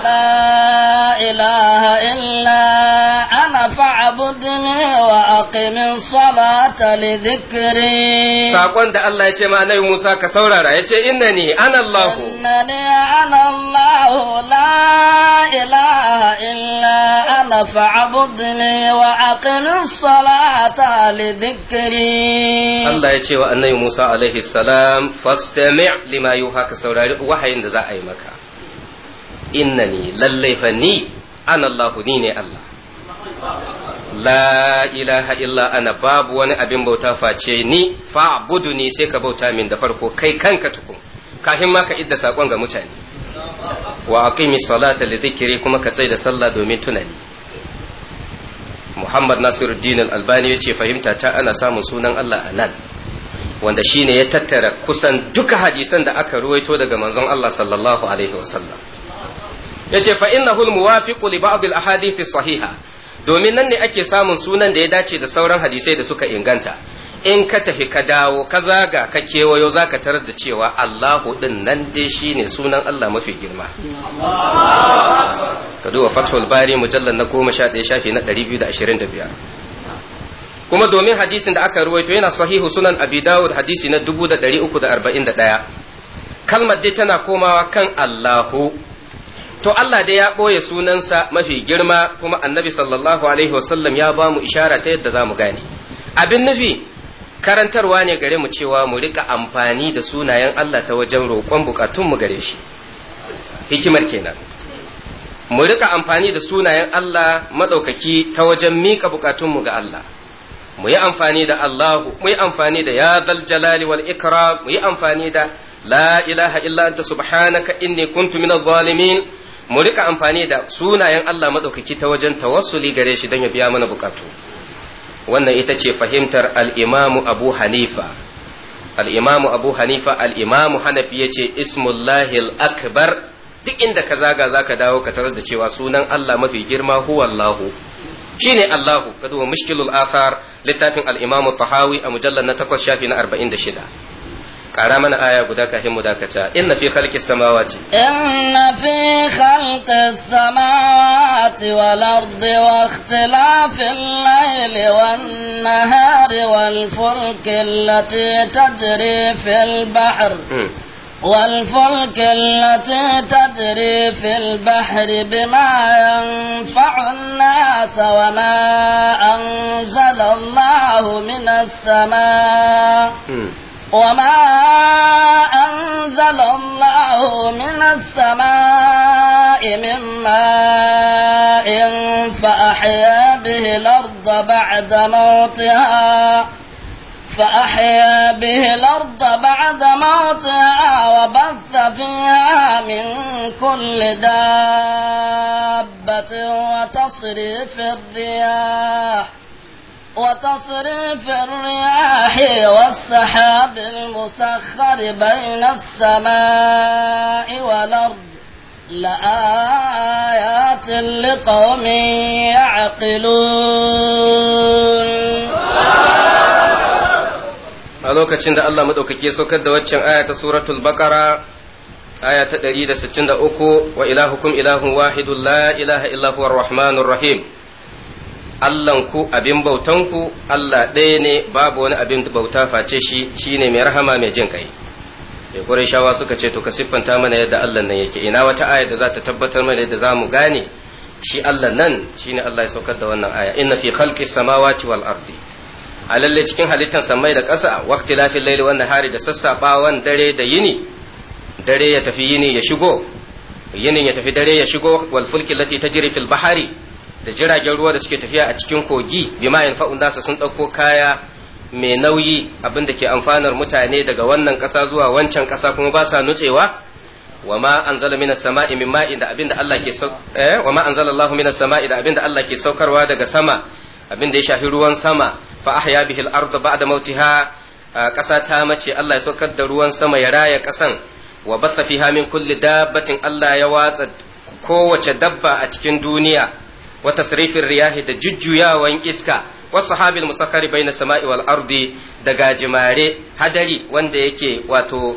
la ilaha illa ana fa'budni wa aqimis salata li dhikri da Allah ya ce ma Annabi Musa ka saurara ya inna الله لا إله إلا أنا فاعبدني وأقم الصلاة لذكري الله يتي وأن موسى عليه السلام فاستمع لما يوحاك سوراري وحي ذا أي مكا إنني لليفني أنا الله نيني الله لا إله إلا أنا باب wani abin بوتا فاتشيني ni fa بوتا من sai كي bauta min da farko kai kanka idda saƙon ga mutane wa aqimi salata li dhikri kuma ka tsai da sallah domin tunani Muhammad Nasiruddin Al-Albani yace fahimta ta ana samun sunan Allah a nan wanda shine ya tattara kusan duka hadisan da aka ruwaito daga manzon Allah sallallahu alaihi wasallam yace fa innahu al-muwafiqu li ba'd al-ahadith sahiha domin nan ne ake samun sunan da ya dace da sauran hadisai da suka inganta in ka tafi ka dawo ka zaga ka kewayo za ka tarar da cewa Allahu ɗin nan dai shi ne sunan Allah mafi girma. Ka duba Fathul Bari mujallar na goma sha ɗaya shafi na ɗari biyu da ashirin da biyar. Kuma domin hadisin da aka ruwaito yana sahihu sunan Abi Dawud hadisi na dubu da ɗari uku da arba'in da ɗaya. Kalmar dai tana komawa kan Allahu. To Allah dai ya ɓoye sunansa mafi girma kuma annabi sallallahu alaihi wasallam ya ba mu ishara ta yadda za mu gane. Abin nufi karantarwa ne gare mu cewa mu rika amfani da sunayen Allah ta wajen roƙon bukatunmu gare shi hikimar kenan mu rika amfani da sunayen Allah maɗaukaki ta wajen miƙa bukatunmu ga Allah mu yi amfani da Allahu mu yi amfani da ya zal jalali wal ikram mu yi amfani da la ilaha illa anta subhanaka inni kuntu minadh zalimin mu rika amfani da sunayen Allah maɗaukaki ta wajen tawassuli gare shi don ya biya mana bukatu wannan ita ce fahimtar al'imamu abu hanifa al'imamu abu hanifa al'imamu hanafi ya ce ismullahil akbar duk inda ka zaga za ka dawo ka tarar da cewa sunan Allah mafi girma huwallahu shi ne Allahu ka duba mushkilul asar. littafin al'imamu tahawi a mujallar na takwas shafi na arba'in da shida kara mana aya guda ka kafin mu dakata inna fi khalqis samawati inna fi khalqis samawati wal ardi wa ikhtilafil layli wan nahari wal fulki allati tajri fil bahr والفلك التي تجري في البحر بما ينفع الناس وما أنزل الله من السماء وما أنزل الله من السماء من ماء فأحيا به الأرض بعد موتها فأحيا به الأرض بعد موتها وبث فيها من كل دابة وتصريف الرياح وتصريف الرياح والسحاب المسخر بين السماء والأرض لآيات لقوم يعقلون a lokacin da Allah maɗaukaki saukar da waccan aya ta suratul bakara aya ta 163 wa ilahukum ilahun wahidun la ilaha illahu rahmanur rahim Allahnku abin bautanku Allah ɗaya ne babu wani abin bauta face shi ne mai rahama mai jin kai da shawa suka ce to ka siffanta mana yadda Allah nan yake ina wata aya da za ta tabbatar mana yadda zamu gane shi Allah nan ne Allah ya saukar da wannan aya inna fi khalqis samawati wal ardi a lalle cikin halittar samai da ƙasa waqti lafin laili wan hari da sassaɓawan dare da yini dare ya tafi yini ya shigo yinin ya tafi dare ya shigo wal fulki lati tajri fil bahari da jiragen ruwa da suke tafiya a cikin kogi bima yanfa'un nasa sun ɗauko kaya mai nauyi abin da ke amfanar mutane daga wannan ƙasa zuwa wancan ƙasa kuma ba sa nutsewa wa ma anzala minas sama'i min ma'in da abin da Allah ke eh wa ma anzala Allahu sama'i da abin da Allah ke saukarwa daga sama abin da ya shafi ruwan sama fa ahya bihi al-ardh ba'da mautiha ƙasa ta mace Allah ya saukar da ruwan sama ya raya ƙasan wa batha fiha min kulli dabbatin Allah ya watsa kowace dabba a cikin duniya Wata tasrifin riyahi da jujjuyawan iska wa sahabil musakhari baina sama'i wal ardi da gajimare hadari wanda yake wato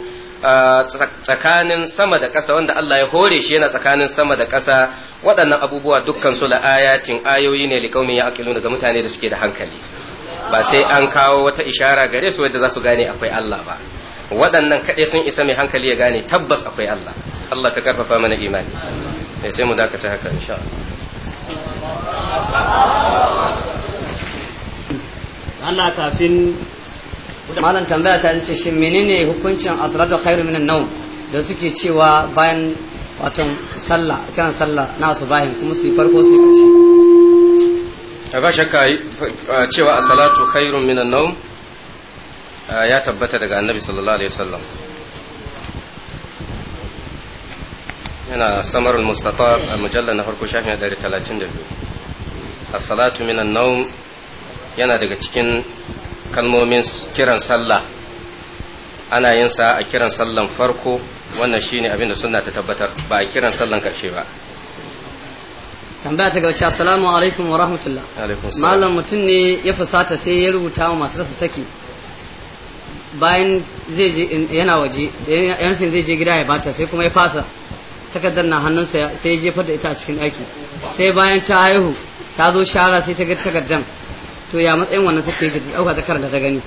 tsakanin sama da ƙasa wanda Allah ya hore shi yana tsakanin sama da ƙasa waɗannan abubuwa dukkan su ayatin ayoyi ne liƙaumin ya aƙilu daga mutane da suke da hankali ba sai an kawo wata ishara gare su wadda za su gane akwai Allah ba waɗannan kaɗai sun isa mai hankali ya gane tabbas akwai Allah Allah ka karfafa mana imani eh, sai mu dakata haka insha Allah Allah kafin malam tambaya ta ce shin menene hukuncin asratu khairu minan nawm da suke cewa bayan watan sallah kan sallah na su bayan kuma su yi farko su yi karshe ta ba shakka eh, cewa asalatu khairu minan nawm eh, ya tabbata daga annabi sallallahu alaihi wasallam yana samar mustafa a mujalla na farko shafin 132 as-salatu minan naum yana daga cikin kalmomin kiran sallah ana yin sa a kiran sallan farko wannan shine abin da sunna ta tabbatar ba a kiran sallan karshe ba tambaya ta gaba assalamu alaikum wa rahmatullah malam mutum ne ya fusata sai ya rubuta wa masu rasa saki bayan zai je yana waje yan zai je gida ya bata sai kuma ya fasa takardar na hannunsa sai ya jefar da ita a cikin ɗaki sai bayan ta haihu ta zo shara sai ta ga takardar to ya matsayin wannan take da auka ta karanta ta gani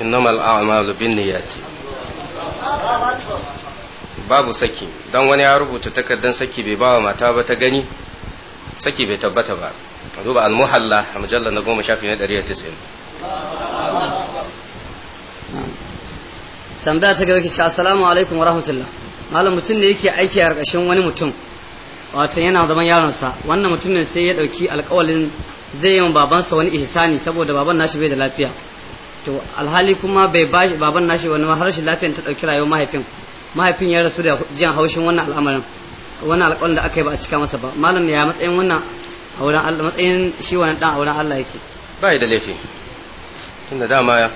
innamal a'malu binniyati babu saki dan wani ya rubuta takardar saki bai bawa mata ba ta gani saki bai tabbata ba duba al-muhalla a mujallar na goma shafi na 190 tambaya ta gaba ki ce assalamu alaikum wa rahmatullah malam mutum ne yake aiki a ƙarƙashin wani mutum wato yana zaman yaronsa wannan mutumin sai ya ɗauki alƙawalin zai yi babansa wani ihsani saboda baban nashi bai da lafiya to alhali kuma bai ba baban nashi wani harshen lafiyan ta ɗauki rayuwar mahaifin mahaifin ya rasu da jin haushin wannan al'amarin wannan alƙawalin da aka yi ba a cika masa ba malam ya matsayin wannan a wurin Allah matsayin shi wannan dan a wurin Allah yake bai da laifi tunda dama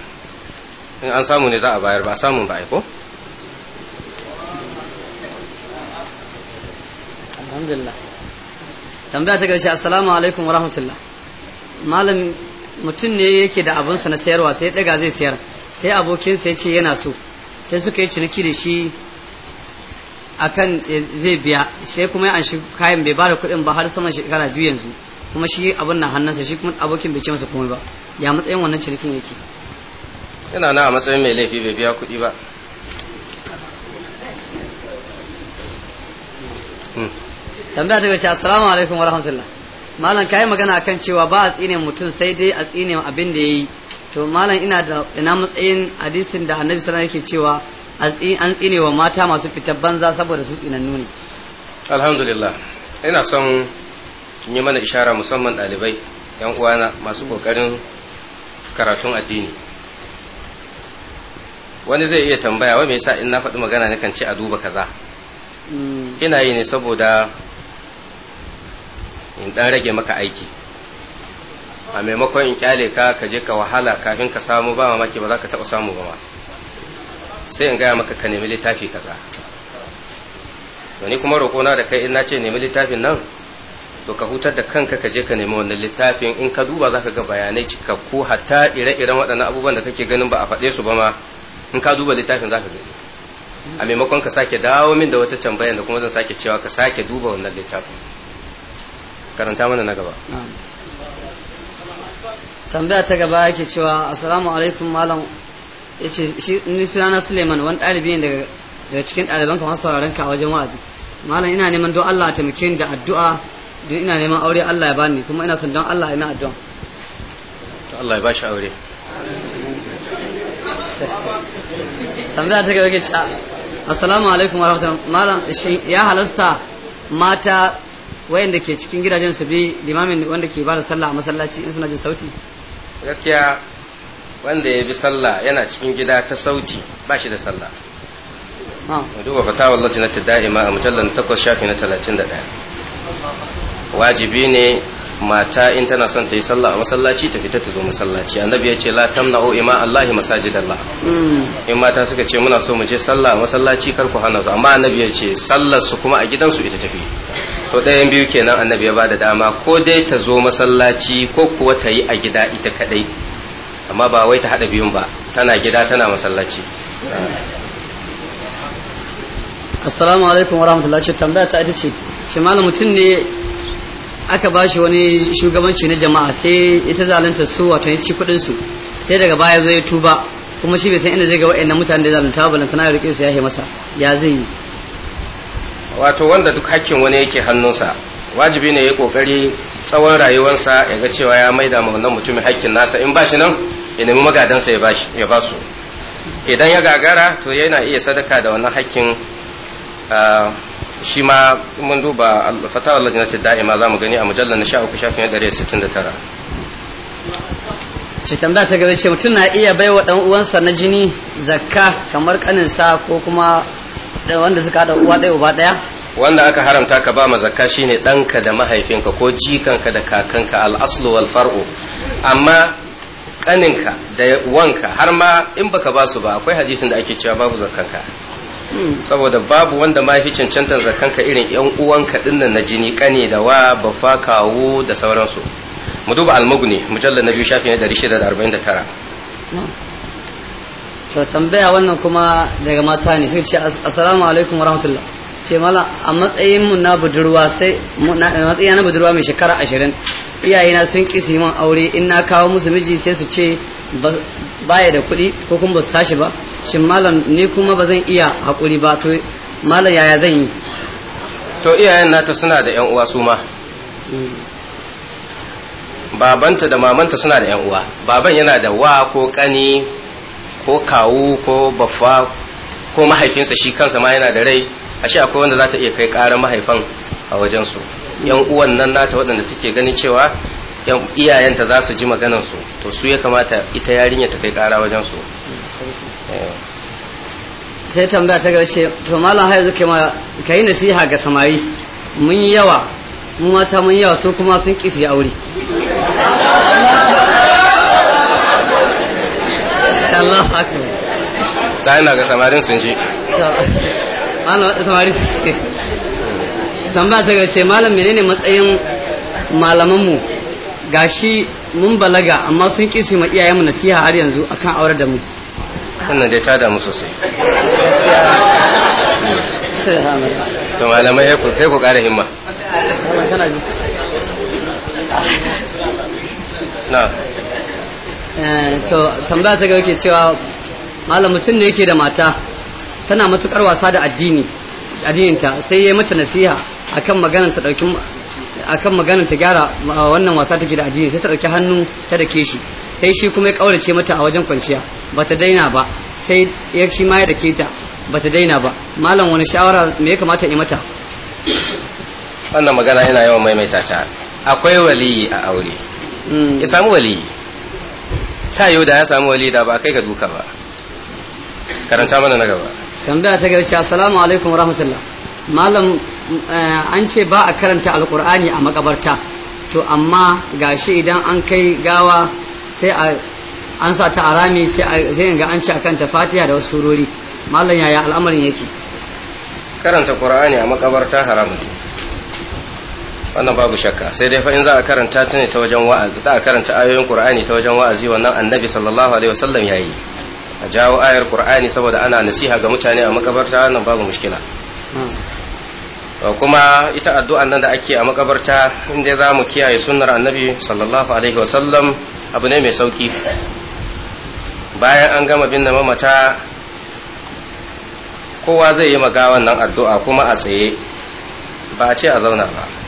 in an samu ne za a bayar ba samun ba ai ko alhamdulillah tambaya ta gaishe assalamu alaikum wa rahmatullah malam mutum ne yake da abinsa na sayarwa sai daga zai sayar sai abokin sai ce yana so sai suka yi ciniki da shi akan eh, zai biya sai kuma ya anshi kayan bai bada kuɗin ba har saman shekara biyu yanzu kuma shi abin na hannunsa shi kuma abokin bai ce masa komai ba ya matsayin wannan cinikin yake yana na a matsayin mai laifi bai biya kuɗi ba hmm. tambaya ta shi assalamu alaikum wa rahmatullah malam kai magana akan cewa ba a tsine mutum sai dai a tsine abin da yayi to malam ina da ina matsayin hadisin da annabi sallallahu alaihi wasallam yake cewa an tsine wa mata masu fitar banza saboda su tsinannu ne alhamdulillah ina son kin yi mana ishara musamman ɗalibai yan uwana masu kokarin karatun addini wani zai iya tambaya wa me yasa in na faɗi magana ne kan ce a duba kaza mm. ina yi ne saboda in ɗan rage maka aiki a maimakon in kyale ka ka je ka wahala kafin ka samu ba mamaki ba za ka taɓa samu ba sai in gaya maka ka nemi littafi kaza to ni kuma na da kai in na ce nemi littafin nan to ka hutar da kanka ka je ka nemi wannan littafin in ka duba za ka ga bayanai cikakku hatta ire-iren waɗannan abubuwan da kake ganin ba a faɗe su ba ma in ka duba littafin za ka gani a maimakon ka sake dawo min da wata tambayar da kuma zan sake cewa ka sake duba wannan littafin karanta mana na gaba tambaya ta gaba yake cewa assalamu alaikum malam yace ni sunana Suleiman wani ɗalibi ne daga daga cikin ɗaliban kamar sauraron ka a wajen wa'azi malam ina neman don Allah a taimake ni da addu'a don ina neman aure Allah ya bani kuma ina son don Allah ya na addu'a Allah ya bashi aure tambaya ta gaba yake cewa assalamu alaikum wa rahmatullahi malam ya halasta mata wayanda ke cikin gidajen su bi limamin wanda ke ba da sallah a masallaci in suna jin sauti gaskiya wanda ya bi sallah yana cikin gida ta sauti ba shi da sallah duba fatawa Allah ta da'ima a mujallar takwas shafi na talatin da ɗaya wajibi ne mata in tana son ta yi sallah a masallaci ta fita ta zo masallaci annabi ya ce la tamna'u ima Allahi masajidallah hmm. in mata suka ce muna so mu je sallah a masallaci kar ku hana su amma annabi ya ce sallar su kuma a gidansu ita tafi to ɗayan biyu kenan annabi ya bada dama ko dai ta zo masallaci ko kuwa ta yi a gida ita kadai amma ba wai ta haɗa biyun ba tana gida tana masallaci assalamu alaikum wa rahmatullahi tambaya ta ita ce shi malam mutum ne aka ba shi wani shugabanci na jama'a sai ita zalunta su wato ya ci kuɗin su sai daga baya zai tuba kuma shi bai san inda zai ga wa'annan mutanen da zalunta ba lantana ya rike su ya masa ya zai yi wato wanda duk hakkin wani yake hannunsa wajibi ne ya kokari tsawon rayuwarsa ya ga cewa ya maida ma wannan mutumin hakkin nasa in ba shi nan ya nemi magadansa ya ba su idan ya gagara to yana iya sadaka da wannan hakkin shi ma mun duba fatawar lajinati da'ima za mu gani a mujallar na sha shafin 169 ce tambaya ta gaba ce mutum na iya bai wa ɗan uwansa na jini zakka kamar kaninsa ko kuma wanda suka hada uwa ɗaya uba ɗaya wanda aka haramta ka ba mazakka shine ɗanka da mahaifinka ko jikanka da kakanka al'aslu wal far'u amma kaninka da wanka har ma in baka ba su ba akwai hadisin da ake cewa babu zakkanka hmm. saboda babu wanda ma fi cancantar zakkanka irin yan uwanka dinnan na jini kane da wa bafa kawo da sauransu mu duba almugni mujallar na biyu shafi na 649 to tambaya wannan kuma daga mata ne sai ce assalamu alaikum wa rahmatullah ce mala a matsayin mu na budurwa sai matsayin na budurwa mai shekara ashirin iyayena sun ki su yi min aure in na kawo musu miji sai su ce ba ya da kuɗi ko kuma ba su tashi ba shin malam ni kuma ba zan iya haƙuri ba to malam yaya zan yi to iyayen nata suna da yan uwa su ma hmm. babanta da mamanta suna da yan uwa baban yana da wa ko kani ko kawu ko baffa ko mahaifinsa shi kansa ma yana da rai a shi akwai wanda za ta iya kai ƙarar mahaifan a wajensu yan uwan nan nata waɗanda suke ganin cewa yan iyayenta za su ji maganan su to su ya kamata ita yarinya ta kai ƙara wajensu. Eh. sai tambaya ta garshe to malam zuke ma ka yi nasiha ga samari mun yawa mu mata mun yawa su kuma sun ƙi aure Allahu akbar ta ina ga samarin sun shi samari tambaya ta gace malam menene matsayin malamanmu gashi mun balaga amma sun kisi ma iyayenmu nasiha har yanzu akan aure da mu wannan dai ta damu sosai to malamai ya sai ku kara himma na Eh, to tambaya ta yake cewa malam mutum ne yake da mata tana matukar wasa da addini addininta sai ya mata nasiha akan maganar ta dauki akan maganar ta gyara ah, wannan wasa take da addini sai ta dauki hannu ta dake shi sai shi kuma ya kaurace mata a wajen kwanciya bata daina ba sai ya shi ma ya dake ta bata daina ba malam wani shawara me ya kamata in mata wannan magana yana yawan maimaita ta akwai waliyi a aure hmm. ya samu waliyi ta yau da ya samu wali da ba kai ga duka ba karanta mana na gaba tambaya ta garci assalamu alaikum rahmatullah malam eh, an ce ba a karanta alkur'ani a makabarta to amma gashi idan an kai gawa sai a an sa ta arami sai sai ga an ci akan ta fatiha da wasu surori malam yaya al'amarin yake karanta qur'ani a makabarta haramun wannan babu shakka sai dai fa in za a karanta ta ne ta wajen wa'azi za a karanta ayoyin qur'ani ta wajen wa'azi wannan annabi sallallahu alaihi wasallam yayi a jawo ayar qur'ani saboda ana nasiha ga mutane a makabarta wannan babu mushkila kuma ita addu'an nan da ake a makabarta inda za mu kiyaye sunnar annabi sallallahu alaihi wasallam abu ne mai sauki bayan an gama binne mamata kowa zai yi magawan nan addu'a kuma a tsaye ba a ce a zauna ba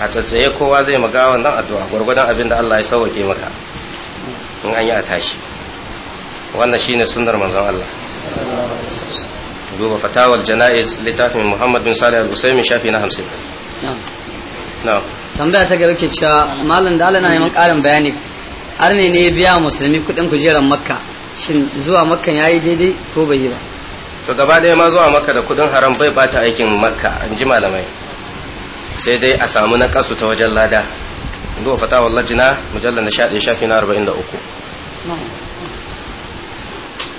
a tsatsaye kowa zai maga wannan addu'a gwargwadon abin da Allah ya sauwake maka in an yi a tashi wannan shine sunnar manzon Allah duba fatawar jana'iz littafin Muhammad bin Salih al-Usaimin shafi na 50 na'am tambaya ta gaba ke cewa malam da Allah na neman karin bayani har ne ne biya musulmi kudin kujerar makka shin zuwa makka yayi daidai ko bai yi ba to gaba ɗaya ma zuwa makka da kudin haram bai bata aikin makka an ji malamai sai dai a samu na kasu ta wajen lada duba fata wa Lajina mujallar na shaɗe shafi na arba'in da uku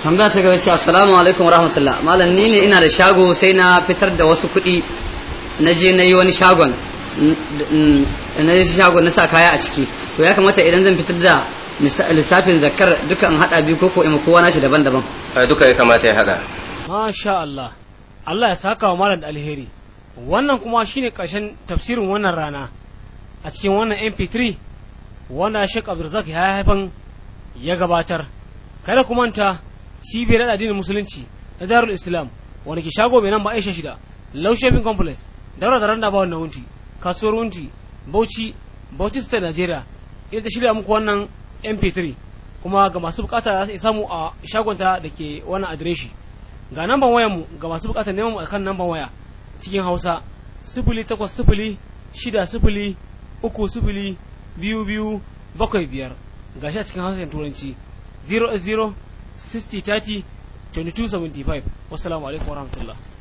tambaya ta gaba cewa assalamu alaikum rahmatullah malam ni ne ina da shago sai na fitar da wasu kuɗi na je na yi wani shagon na yi shagon na sa kaya a ciki to ya kamata idan zan fitar da lissafin zakar duka in haɗa biyu koko ima kowa nashi daban-daban duka ya kamata ya haɗa masha Allah Allah ya saka wa malam da alheri wannan kuma shine ƙarshen tafsirin wannan rana a cikin wannan mp3 wanda shek abdulrazak ya haifan ya gabatar kada ku manta cibiyar addinin musulunci na darul islam wanda ke shago mai nan ba aisha shida low shopping complex daura da randa ba wannan wunti kasuwar wunti bauchi bauchi state nigeria ita shirya muku wannan mp3 kuma ga masu bukata za su samu a shagonta da ke wannan adireshi ga namban wayanmu ga masu bukatar neman akan namban waya cikin hausa sifili takwas sifili shida sifili uku sifili biyu biyu bakwai biyar shi a cikin hausa turanci 0 0 60 30 22 75 wasu alaikum rahmatulah.